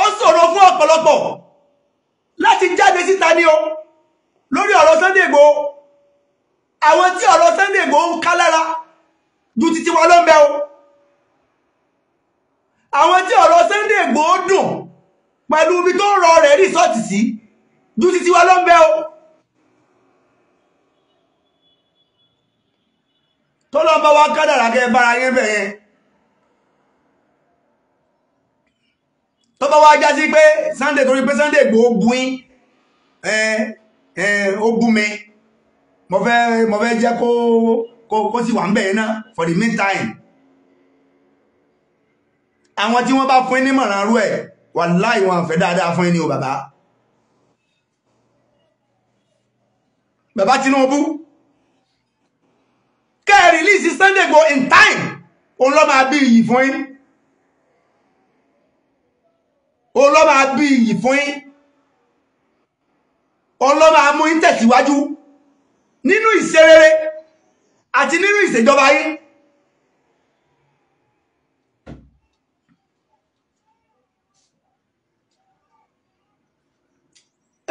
ó ṣòro fún ọ̀pọ̀lọpọ̀ láti jáde síta ní o lórí ọ̀rọ̀ Sunday Igboho àwọn tí ọ̀rọ̀ Sunday Igboho ń ká lára ju titi wa ló o àwọn tí ọ̀rọ̀ Sunday Igboho dùn pẹ̀lú ibi tó ń rọ rẹ̀ rìsọ́ọ̀tì sí ju titi wa ló o tọ́lọ́ bá wá kádàrà kẹ́ bára yín wá já sí pé Sunday torí pé Sunday Igboho ẹ mi fẹ́ jẹ́ kó sì wà ń bẹ̀ náà for the meantime àwọn tí wọ́n bá fún ní mọ̀ràn rú ẹ̀ wà láì wọn dáadáa fún bàbá kẹ́ ẹ̀ rìlíìsì Sunday Igboho in time òun ló máa bí iyì fún yín òun ló máa bí iyì fún yín òun ló máa mú yín tẹ̀síwájú nínú ìṣerere àti nínú ìṣèjọba yín.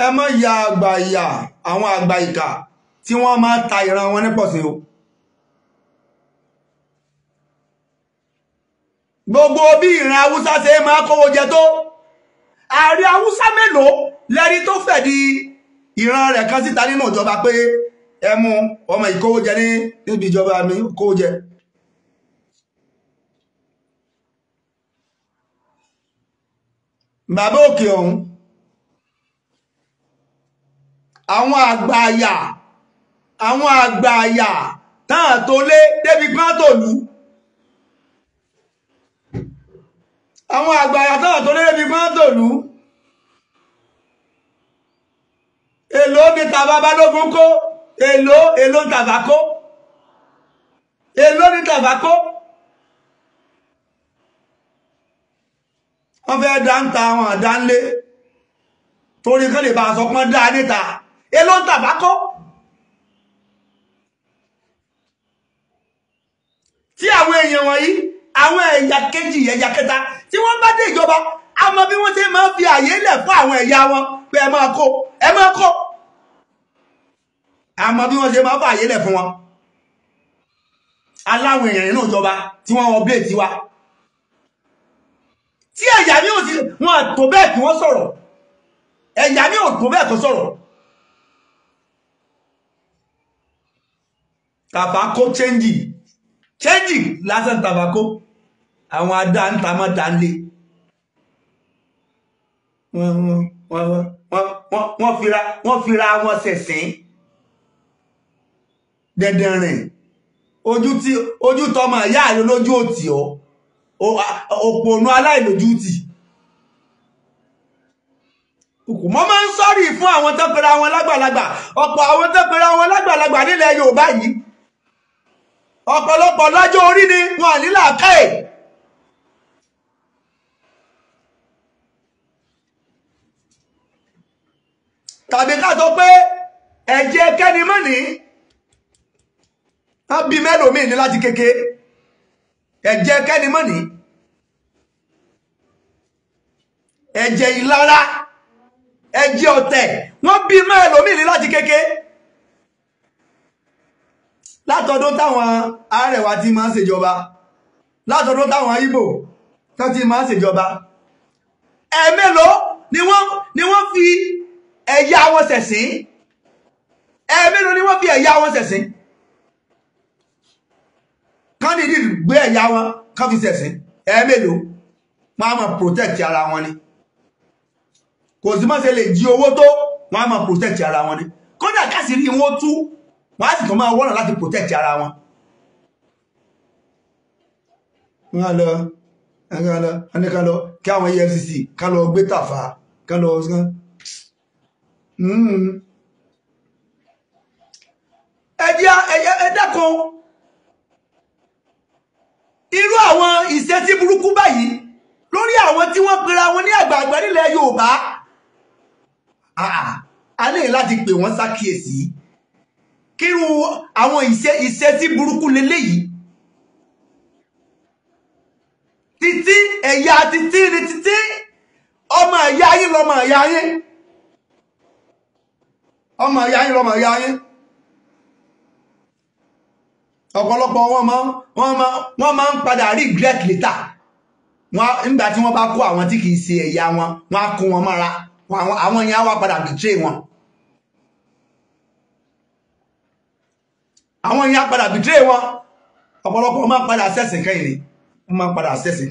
ẹ mọ́ ya àgbà ìyà àwọn àgbà ìkà tí wọ́n máa ta ìran wọn nípọ̀sí o. gbogbo bí ìran haúsá ṣe máa kówó jẹ tó ààrẹ haúsá mélòó lẹ́rí tó fẹ̀dí ìran rẹ̀ kan síta nínú ìjọba pé ẹ mú ọmọ ìkówó jẹ níbi ìjọba mi kówó jẹ bàbá òkè ọ̀hún àwọn àgbà àyà àwọn àgbà àyà táà tó lé débi pátòlù àwọn àgbà àyàtọ̀ tó lérè bí mọ́tòlú èlò ní tàbá balógun kó èlò èlò tàbá kó èlò ní tàbá kó wọ́n fẹ́ dáńtà àwọn àdánlé torí kan lè bá sọ pọ́n dáa níta èlò tàbá kó tí àwọn èèyàn wọ̀nyí àwọn ẹ̀yà kejì ẹ̀yà kẹta tí wọ́n bá dé ìjọba a mọ bí wọ́n ṣe máa fi àyè lẹ̀ fún àwọn ẹ̀yà wọn pé ẹ máa kó ẹ máa kó a mọ bí wọ́n ṣe máa fi àyè lẹ̀ fún wọn aláwọn èèyàn nínú ìjọba tí wọ́n wọ bíléèdì wa tí ẹ̀yà mi ò sí wọn tó bẹ́ẹ̀ kí wọ́n sọ̀rọ̀ ẹ̀yà mi ò tó bẹ́ẹ̀ kó sọ̀rọ̀ tàbákó chẹ́ńjì chẹ́ńjì lásán tàbákó àwọn adá ń ta mọ́ta ń lé wọ́n fira wọn ṣẹ̀sìn dandan rìn ojú tí ojú tọmọ ìyá rẹ lójú òtì ọ òpònú aláìlójú tì kò mọ́ máa ń sọ́rí fún àwọn tó pera wọn lágbàlagbà ọ̀pọ̀ àwọn tó pera wọn lágbàlagbà nílẹ̀ Yorùbá yìí ọ̀pọ̀lọpọ̀ lọ́jọ́ orí ni wọn à nílà káyè tàbí ká sọ pé ẹ̀jẹ̀ kẹ́ni mọ́ ní wọ́n bí mẹ́lòmíì ní láti kéke ẹ̀jẹ̀ kẹ́ni mọ́ ní ẹ̀jẹ̀ ìlara ẹ̀jẹ̀ ọ̀tẹ̀ wọ́n bí mẹ́lòmíì ní láti kéke látọdún táwọn arẹwà ti máa ń ṣèjọba látọdún táwọn Ìgbò tó ti máa ń ṣèjọba ẹ̀mélòó ni wọ́n fi ẹ̀yà wọn ṣẹ̀sìn ẹ̀ẹ́mẹ́rin ni wọ́n fi ẹ̀yà wọn ṣẹ̀sìn kán nìdí gbé ẹ̀yà wọn kán fi ṣẹ̀sìn ẹ̀ẹ́mẹ́lò wọ́n á máa protect ara wọn ni kò sí mọ́ ṣe lè jí owó tó wọ́n á máa protect ara wọn ni kódà kásìrí wọn tú wọ́n á sì tún máa wọ́nà láti protect ara wọn. wọ́n á lọ ẹ̀ka lọ kí àwọn EFCC ká lọ gbé tàfà ká lọ ẹ̀yà mm-hmm. ẹ̀dẹ́kun irú àwọn ìṣesí burúkú báyìí lórí àwọn tí wọ́n pera wọn ní àgbààgbà nílẹ̀ Yorùbá a ní láti pè wọ́n ṣàkíyèsí kírú àwọn ìṣesí burúkú leléyìí títí ẹ̀yà títí ni títí ọmọ ẹ̀yà yín lọmọ ẹ̀yà yín. ọ ma yín lọmọ ìyá yín ọ̀pọ̀lọpọ̀ wọn ma ń padà regret later tí wọ́n bá kọ àwọn tí í se ẹ̀yà wọn wọ́n wọn mọ́ra àwọn yẹn á padà wọn àwọn yẹn padà betray wọn ọ̀pọ̀lọpọ̀ máa padà sẹ́sìn kan máa padà sẹ́sìn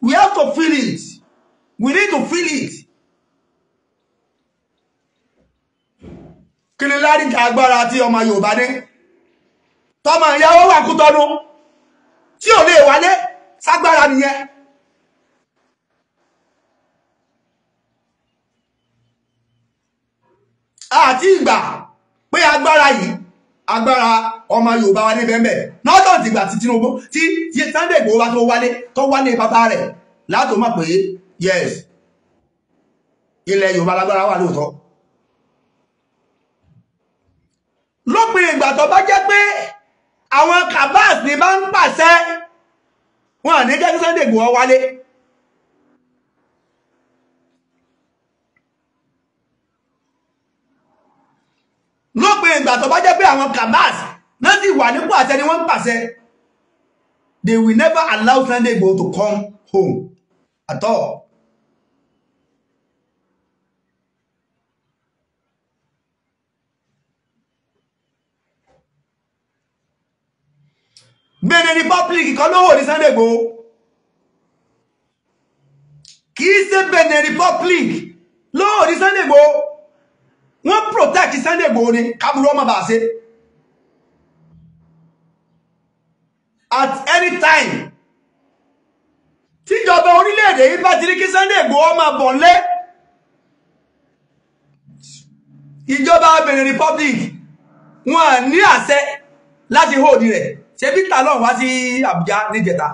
We have to feel it. We need to feel it. Kí ni láríkà agbára tí ọmọ Yorùbá ní? Tọ́mọ ìyàwó wà kú tọ́nu tí ò lè wálé ságbára nìyẹn. Àti ìgbà pé agbára yìí agbára ọmọ yorùbá wa níbẹ̀ mbẹ̀ nọ́tọ̀ tìgbà tí tinubu tí Sunday Igboho wa tó wálé tó wálé bàbá rẹ̀ látò mọ̀ pé yes ilẹ̀ yorùbá lágbára wà lóòótọ́ lópin ìgbà tó bá jẹ́ pé àwọn kabas ni bá ń pàṣẹ wọn à ní jẹ́ kí Sunday Igboho wálé lópin ìgbà tó bá jẹ́ pé àwọn kabas náà sì wà nípò àṣẹ ni wọ́n pàṣẹ they will never allow Sunday Igboho to come home at all. Benin Republic kan ló wò ní Sunday Igboho kì í ṣe Benin Republic ló wò ní Sunday Igboho wọ́n protect Sunday Igboho ni kábúrú ọmọ bá ṣe at any time tíjọba orílẹ̀-èdè yìí bá ti rí kí Sunday Igboho máa bọ̀ lé ìjọba Benin Republic wọn ní àṣẹ láti hold rẹ̀ ṣe bí talon wá sí Àbújá níjẹta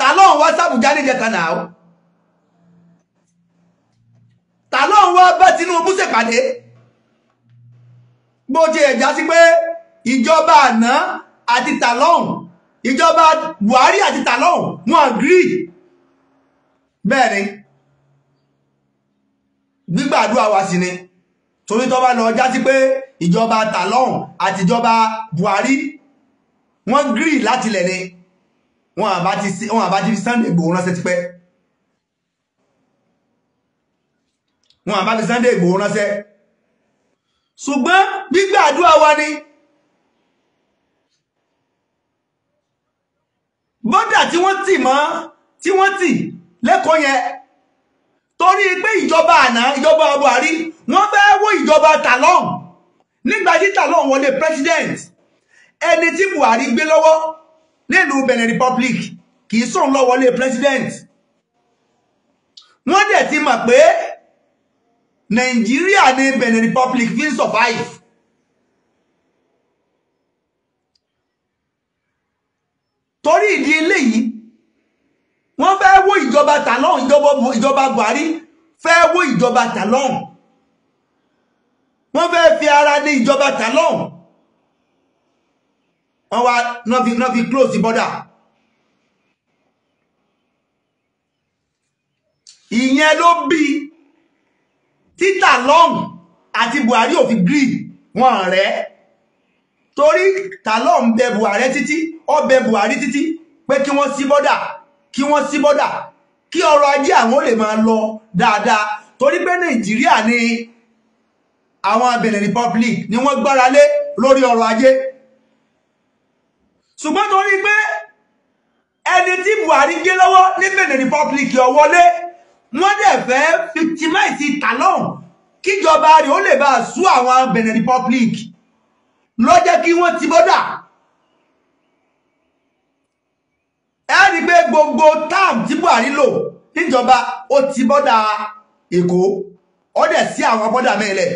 talon wá sí Àbújá níjẹta náà ta ló ń wá bá Tinubu ṣèpàdé bó ti ẹ̀já sí pé ìjọba àná àti talon, ìjọba Buhari àti tàlọ́hùn wọn agree bẹ́ẹ̀ ni gbígbàdúrà wa sí ni torí tó bá lọ já sí pé ìjọba tàlọ́hùn àti ìjọba Buhari wọn agree látilẹ̀ ni wọn àbá ti Sunday Igboho ránṣẹ́ tipẹ́ wọn àbá fi Sunday Ìgbòho ránṣẹ́ ṣùgbọ́n gbígbàdúrà wa ni bọ́dà tí wọ́n tì mọ́ tí wọ́n tì lẹ́kọ̀ọ́ yẹn torí pé ìjọba àná ìjọba Buhari wọ́n fẹ́ wó ìjọba talon nígbà tí talon wọlé president ẹni tí Buhari gbé lọ́wọ́ nílùú Benin Republic kì í sóun lọ wọlé president wọ́n dẹ̀ ti mọ̀ pé Nigeria ni Benin Republic fi ń survive. torí ìdí eléyìí wọ́n fẹ́ wó ìjọba tàlọ́hùn ìjọba Buhari fẹ́ wó ìjọba tàlọ́hùn wọ́n fẹ́ fi ara ní ìjọba tàlọ́hùn wọ́n wá náà fi close the border ìyẹn ló bí títà long àti buhari ò fi green wọn rẹ̀ torí tàlọ́ ń bẹ buhari títí ó bẹ buhari títí pé kí wọ́n sí bọ́dà kí wọ́n sí bọ́dà kí ọrọ̀ ajé àwọn ó lè máa lọ dáadáa torí pé nàìjíríà ni àwọn Benin Republic ni wọ́n gbára lé lórí ọrọ̀ ajé ṣùgbọ́n torí pé ẹni tí buhari gé lọ́wọ́ ní Benin Republic ó wọ́n dẹ̀ fẹ́ victimize Talon kíjọba rẹ̀ ó lè bá sú àwọn Benin Republic ló jẹ́ kí wọ́n ti bọ́dà ẹ pé gbogbo tam tí Buhari lò níjọba ó ti bọ́dà Èkó ó dẹ̀ sí àwọn bọ́dà mẹ́lẹ̀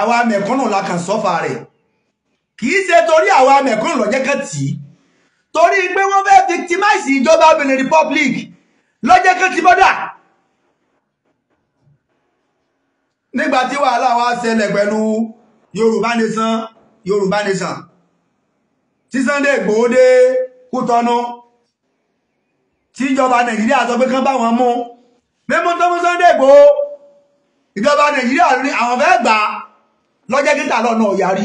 àwa mẹ̀kúnnù la kàn sọ́fà rẹ̀ kì í ṣe torí àwa mẹ̀kúnnù ló jẹ́ torí pé wọ́n fẹ́ victimize ìjọba Benin Republic lọ́jẹ́ kan ti bọ́dà nígbà tí wàhálà wa ṣẹlẹ̀ pẹ̀lú Yorùbá Nation Yorùbá Nation tí Sunday Igboho dé Kútọ́nú tí ìjọba Nàìjíríà sọ pé kán bá wọn mú mímú tó mú Sunday Igboho ìjọba Nàìjíríà ní àwọn fẹ́ gbà lọ́jẹ́ kíta lọ́nà ọ̀yàrí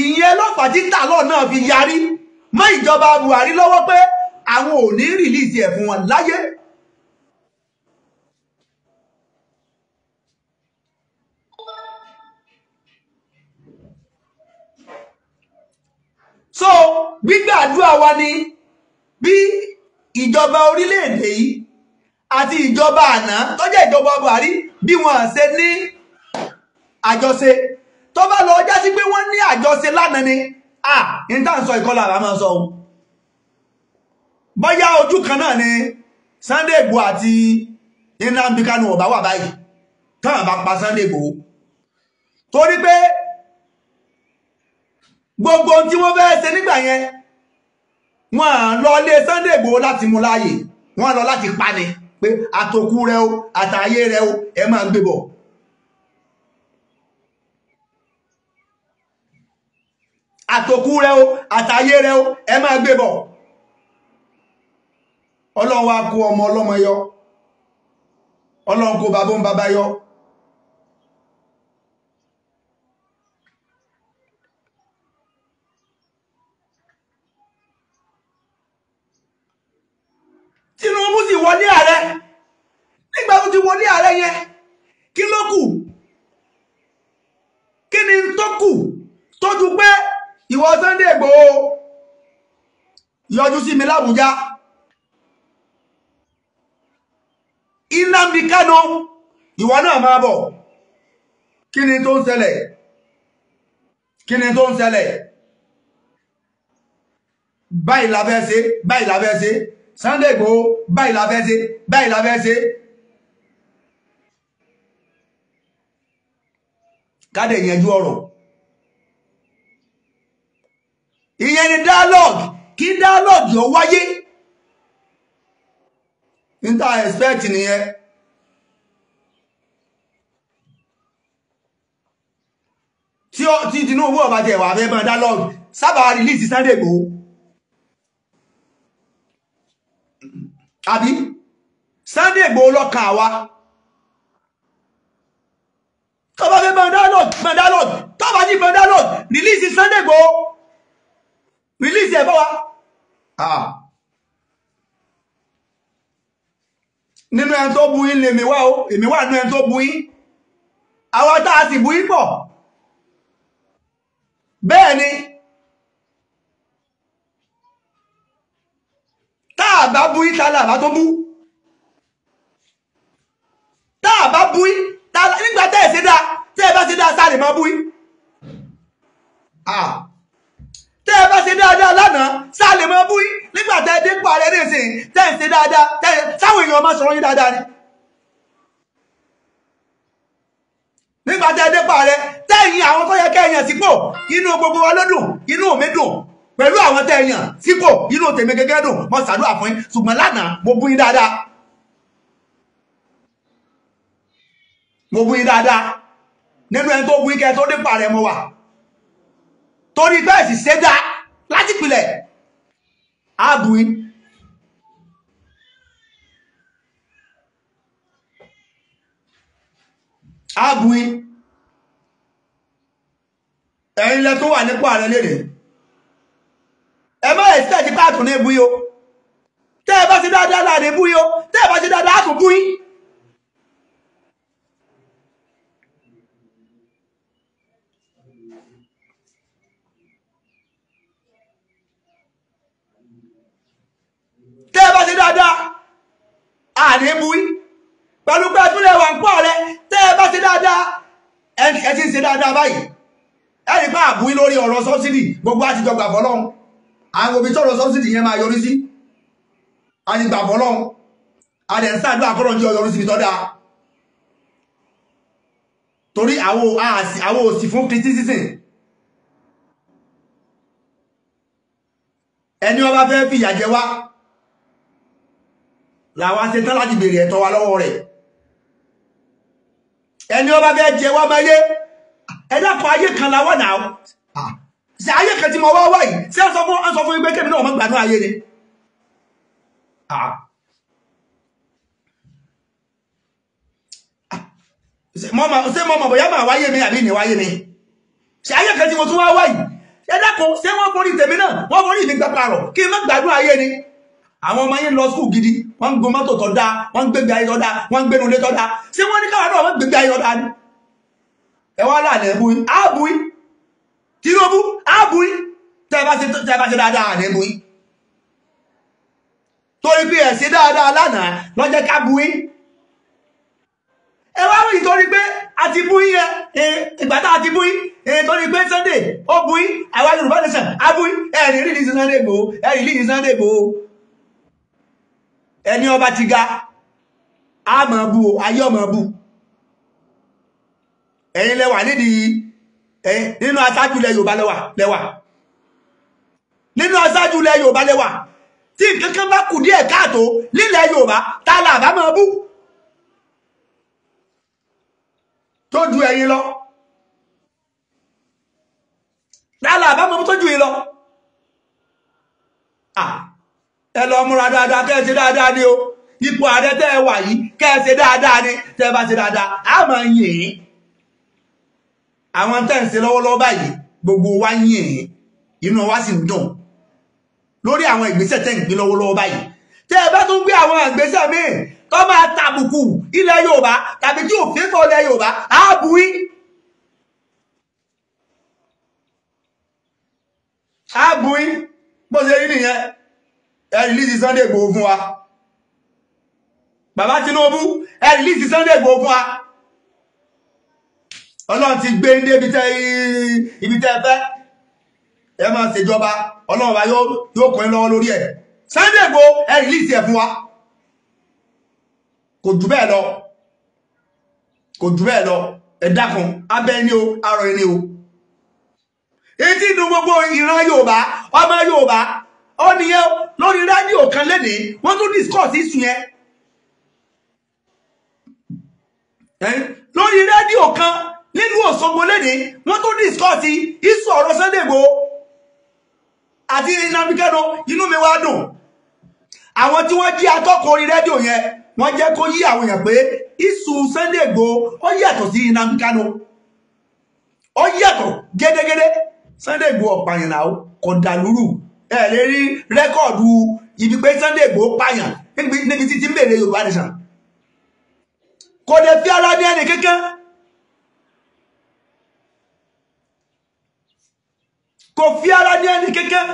ìyẹn ló fà tí tàlọ́ náà fi yarí mọ́ ìjọba Buhari lọ́wọ́ pé àwọn ò ní rìlíìsì ẹ̀ fún wọn láyé so gbígbàdúrà wa ni bí ìjọba orílẹ̀-èdè yìí àti ìjọba àná tó jẹ́ ìjọba Buhari bí wọ́n ṣe ní àjọṣe tó bá lọ jásí pé wọ́n ní àjọṣe lánàá ni à ń tà ń sọ ìkọlà àrà máa sọ ohun bọ́yá ojú kan náà ni Sunday Igboho àti Nnamdi Kanu ọ̀bá wà báyìí táwọn bá pa Sunday Igboho torí pé gbogbo tí wọ́n fẹ́ ṣe nígbà yẹn wọ́n lọ lé Sunday Igboho láti mú láàyè wọ́n lọ láti pa ni pé àtòkù rẹ o àtàyé rẹ o ẹ máa ń gbé bọ̀ àtòkú rẹ o àtàyé rẹ o ẹ máa gbé bọ̀ ọlọ́run wa kó ọmọ ọlọ́mọ yọ ọlọ́run kó bàbá yọ yọjú sí mi lábújá Nnamdi Kanu ìwọ náà máa bọ̀ kí ni tó ń ṣẹlẹ̀ kí ni tó ń ṣẹlẹ̀ báyìí la fẹ́ ṣe báyìí la fẹ́ ṣe Sunday Igboho báyìí la fẹ́ ṣe báyìí la fẹ́ ṣe kádẹ̀ yanjú ọ̀rọ̀ ìyẹn ni dialogue kí dáálọ́ọ̀gì ó wáyé níta expect nìyẹn tí ó tí Tinubu ọba jẹ ìwà abẹ́ máa dáálọ́ọ̀gì sábà rìlíìsì Sunday Igboho àbí Sunday Igboho lọ́kàn àwa tọ́ba fẹ́ máa dáálọ́ọ̀gì máa dáálọ́ọ̀gì tọ́ba ní máa dáálọ́ọ̀gì rìlíìsì Sunday Igboho rìlíìsì ẹ̀ bọ́ wa nínú ẹni tó buí lè mi wá o èmi wà nínú ẹni tó buí àwọn tá a sì buí pọ̀ bẹ́ẹ̀ ni tá a bá buí ta là bá tó bú tá a bá buí nígbà tẹ́ ẹ̀ sí dáa tẹ́ ẹ bá sí dáa sáré máa ah tẹ́ ẹ bá ṣe dáadáa lánàá sáà lè máa bú yín nígbà tẹ́ ẹ dé pa rẹ nísìnyí tẹ́ ẹ ṣe dáadáa tẹ́ ẹ sáwọn èèyàn máa sọ̀rọ̀ yín dáadáa ni. nígbà tẹ́ ẹ dé pa rẹ tẹ́ ẹ̀yìn àwọn tó yẹ kẹ́ ẹ̀yàn sípò inú gbogbo wa ló dùn inú mi dùn pẹ̀lú àwọn tẹ́ ẹ̀yàn sípò inú tèmi gẹ́gẹ́ dùn mo ṣàdúrà fún yín ṣùgbọ́n lánàá mo bú yín dáadáa. mo bú yín dáadáa nínú ẹni tó bú yín kẹ́ tó dé pa rẹ mo wà torí bẹ́ẹ̀ sì ṣe dá láti pìlẹ̀ ààbùí ààbùí ẹ̀yin lẹ tó wà nípò ààrẹ lédè ẹ má lè sí ẹ̀jẹ̀ pàtó ní ibú yìí o tẹ́ ẹ bá ṣe dáadáa láàrin ibú yìí o tẹ́ ẹ bá ṣe dáadáa á yìí. tẹ́ ẹ bá ṣe dáadáa àní mú wí pẹ̀lú pé ẹtúlẹ̀ wà ń pọ̀ rẹ tẹ́ ẹ bá ṣe dáadáa ẹ ti ń ṣe dáadáa báyìí ẹ rí máa bú lórí ọ̀rọ̀ sọ́bsidì gbogbo àti ìjọba fọlọ́run àwọn òbí tọ̀rọ̀ sọ́bsidì yẹn máa yọrí sí àti ìgbà fọlọ́run àti àdúrà fọlọ́run jẹ́ yọrí síbi tọ́da torí àwọn òsì fún criticism ẹni wọn bá fẹ́ fìyà jẹ wá làwa ṣe tán láti béèrè ẹ̀tọ́ wa lọ́wọ́ rẹ̀ ẹni ọba bẹ́ẹ̀ jẹ wá máyé ẹ̀dàkọ̀ ayé kan làwọn náà ah. ṣe ayé kan tí mo wá wá yìí ṣé ẹ sọ fún ẹ sọ fún ẹgbẹ́ kẹ́mi náà mo gbàdúrà ayé ni ah. ṣé mo mọ̀ bóyá máa wáyé mi àbí ìní wáyé mi ṣe ayé kan tí mo tún wá wá yìí ẹ̀dàkọ̀ ṣé wọ́n borí tèmi náà wọ́n borí mi gbàgbà kí n má gbàdúrà ayé ni àwọn ọmọ yẹn lọ skul gidi wọ́n ń gun mọ́tò tó dáa wọ́n ń gbégbé ayé tó dáa wọ́n ń gbénu ilé tó dáa ṣé wọ́n ní káwọn náà wọ́n gbégbé ayé tó dáa ni. ẹ wá láàlẹ̀ ẹ buyin á buyin Tinubu á buyin tẹ́ ẹ bá ṣe tẹ́ ẹ bá ṣe dáadáa ní buyin. torí pé ẹ ṣe dáadáa lánàá lọ́jẹ́ ká buyin. ẹ wá wí torí pé a ti buyin yẹ ìgbà tá a ti buyin torí pé Sunday ó buyin àwa Yorùbá nation á buyin ẹ̀rí lílì Sunday Igboho ẹ̀rí lílì Sunday Igboho ẹni ọba ti ga a máa bú o ayé ọmọ bú ẹ̀yin lẹ́wà nídìí nínú aṣáájú ilẹ̀ Yorùbá lẹ́wà lẹ́wà nínú aṣáájú ilẹ̀ Yorùbá lẹ́wà tí kankan bá kù díẹ̀ káàtó nílẹ̀ Yorùbá tá là bá máa bú tó ju ẹ̀yin lọ tá là bá máa bú tó ju ẹ̀yin lọ ah ẹ lọ múra dáadáa kẹ́ ẹ ṣe dáadáa ni o ipò ààrẹ tẹ́ ẹ wà yìí kẹ́ ẹ ṣe dáadáa ni tẹ́ ẹ bá ṣe dáadáa á máa yìn ín àwọn tẹ́ ń ṣe lọ́wọ́lọ́wọ́ báyìí gbogbo wa yìn ín inú wa sì ń dùn lórí àwọn ìgbésẹ̀ tẹ́ ń gbé lọ́wọ́lọ́wọ́ báyìí tẹ́ ẹ bá tún gbé àwọn ìgbésẹ̀ míì tó máa tàbùkù ilẹ̀ Yorùbá tàbí tí òfin kọ́ ilẹ̀ Yorùbá á buwí. á buwí bó ṣe rí nìyẹn ẹ rìlíìsì Sunday Igboho fún wa bàbá Tinubu ẹ rìlíìsì Sunday Igboho fún wa ọlọ́run ti gbé ní ibi tẹ́ ibi tẹ́ fẹ́ ẹ máa ṣèjọba ọlọ́run bá yóò kọ́ ẹ lọ́wọ́ lórí ẹ̀ Sunday Igboho ẹ ẹ̀ fún wa kò jù bẹ́ẹ̀ lọ kò jù bẹ́ẹ̀ lọ ẹ abẹ́ ni o arọ ni o etí inú gbogbo ìran Yorùbá ọmọ Yorùbá ó nìyẹn lórí rédíò kan lénìí wọ́n tún discuss issue yẹn lórí rédíò kan nílùú Òṣogbo lénìí wọ́n tún discuss issue ọ̀rọ̀ Sunday Igboho àti Nnamdi Kanu inú mi wá dùn àwọn tí wọ́n jí atọ́kọ̀ orí rédíò yẹn wọ́n jẹ́ kó yí àwọn èèyàn pé issue Sunday Igboho ó yàtọ̀ sí Nnamdi Kanu ó yàtọ̀ gédégédé Sunday Igboho ọ̀pàyàn náà kò dàlúrù ẹ lè rí rẹ́kọ̀dù ibi pé Sunday Igboho pààyàn níbi títí ń bèrè Yorùbá nìṣàn kò lè fi ara ní ẹnì kankan kò fi ara ní ẹnì kankan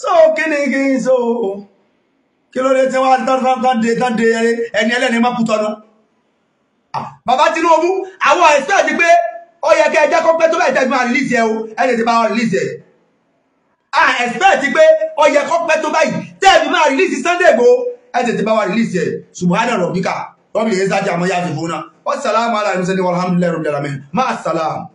so kí ni kí n so kí ló dé tí wọ́n tán tán tán de tán de ẹni ẹlẹ́ni má kú tọ́nu bàbá Tinubu àwọn ẹ̀sìn àti pé ó yẹ kí ẹ jẹ́ kó pé tó bẹ́ẹ̀ tẹ́gbọ́n àrílíìsì ẹ o ẹ lè ti bá wọn àrílíìsì ẹ à expect pé ọyẹ kọ́ pẹ́ tó báyìí tẹ́ẹ̀bì máa release Sunday Igboho ẹ tètè bá wa release ẹ̀ subhana rabbika rabbil izzati amma yasifuna wassalamu ala mursalin walhamdulillahi rabbil alamin ma'a salam.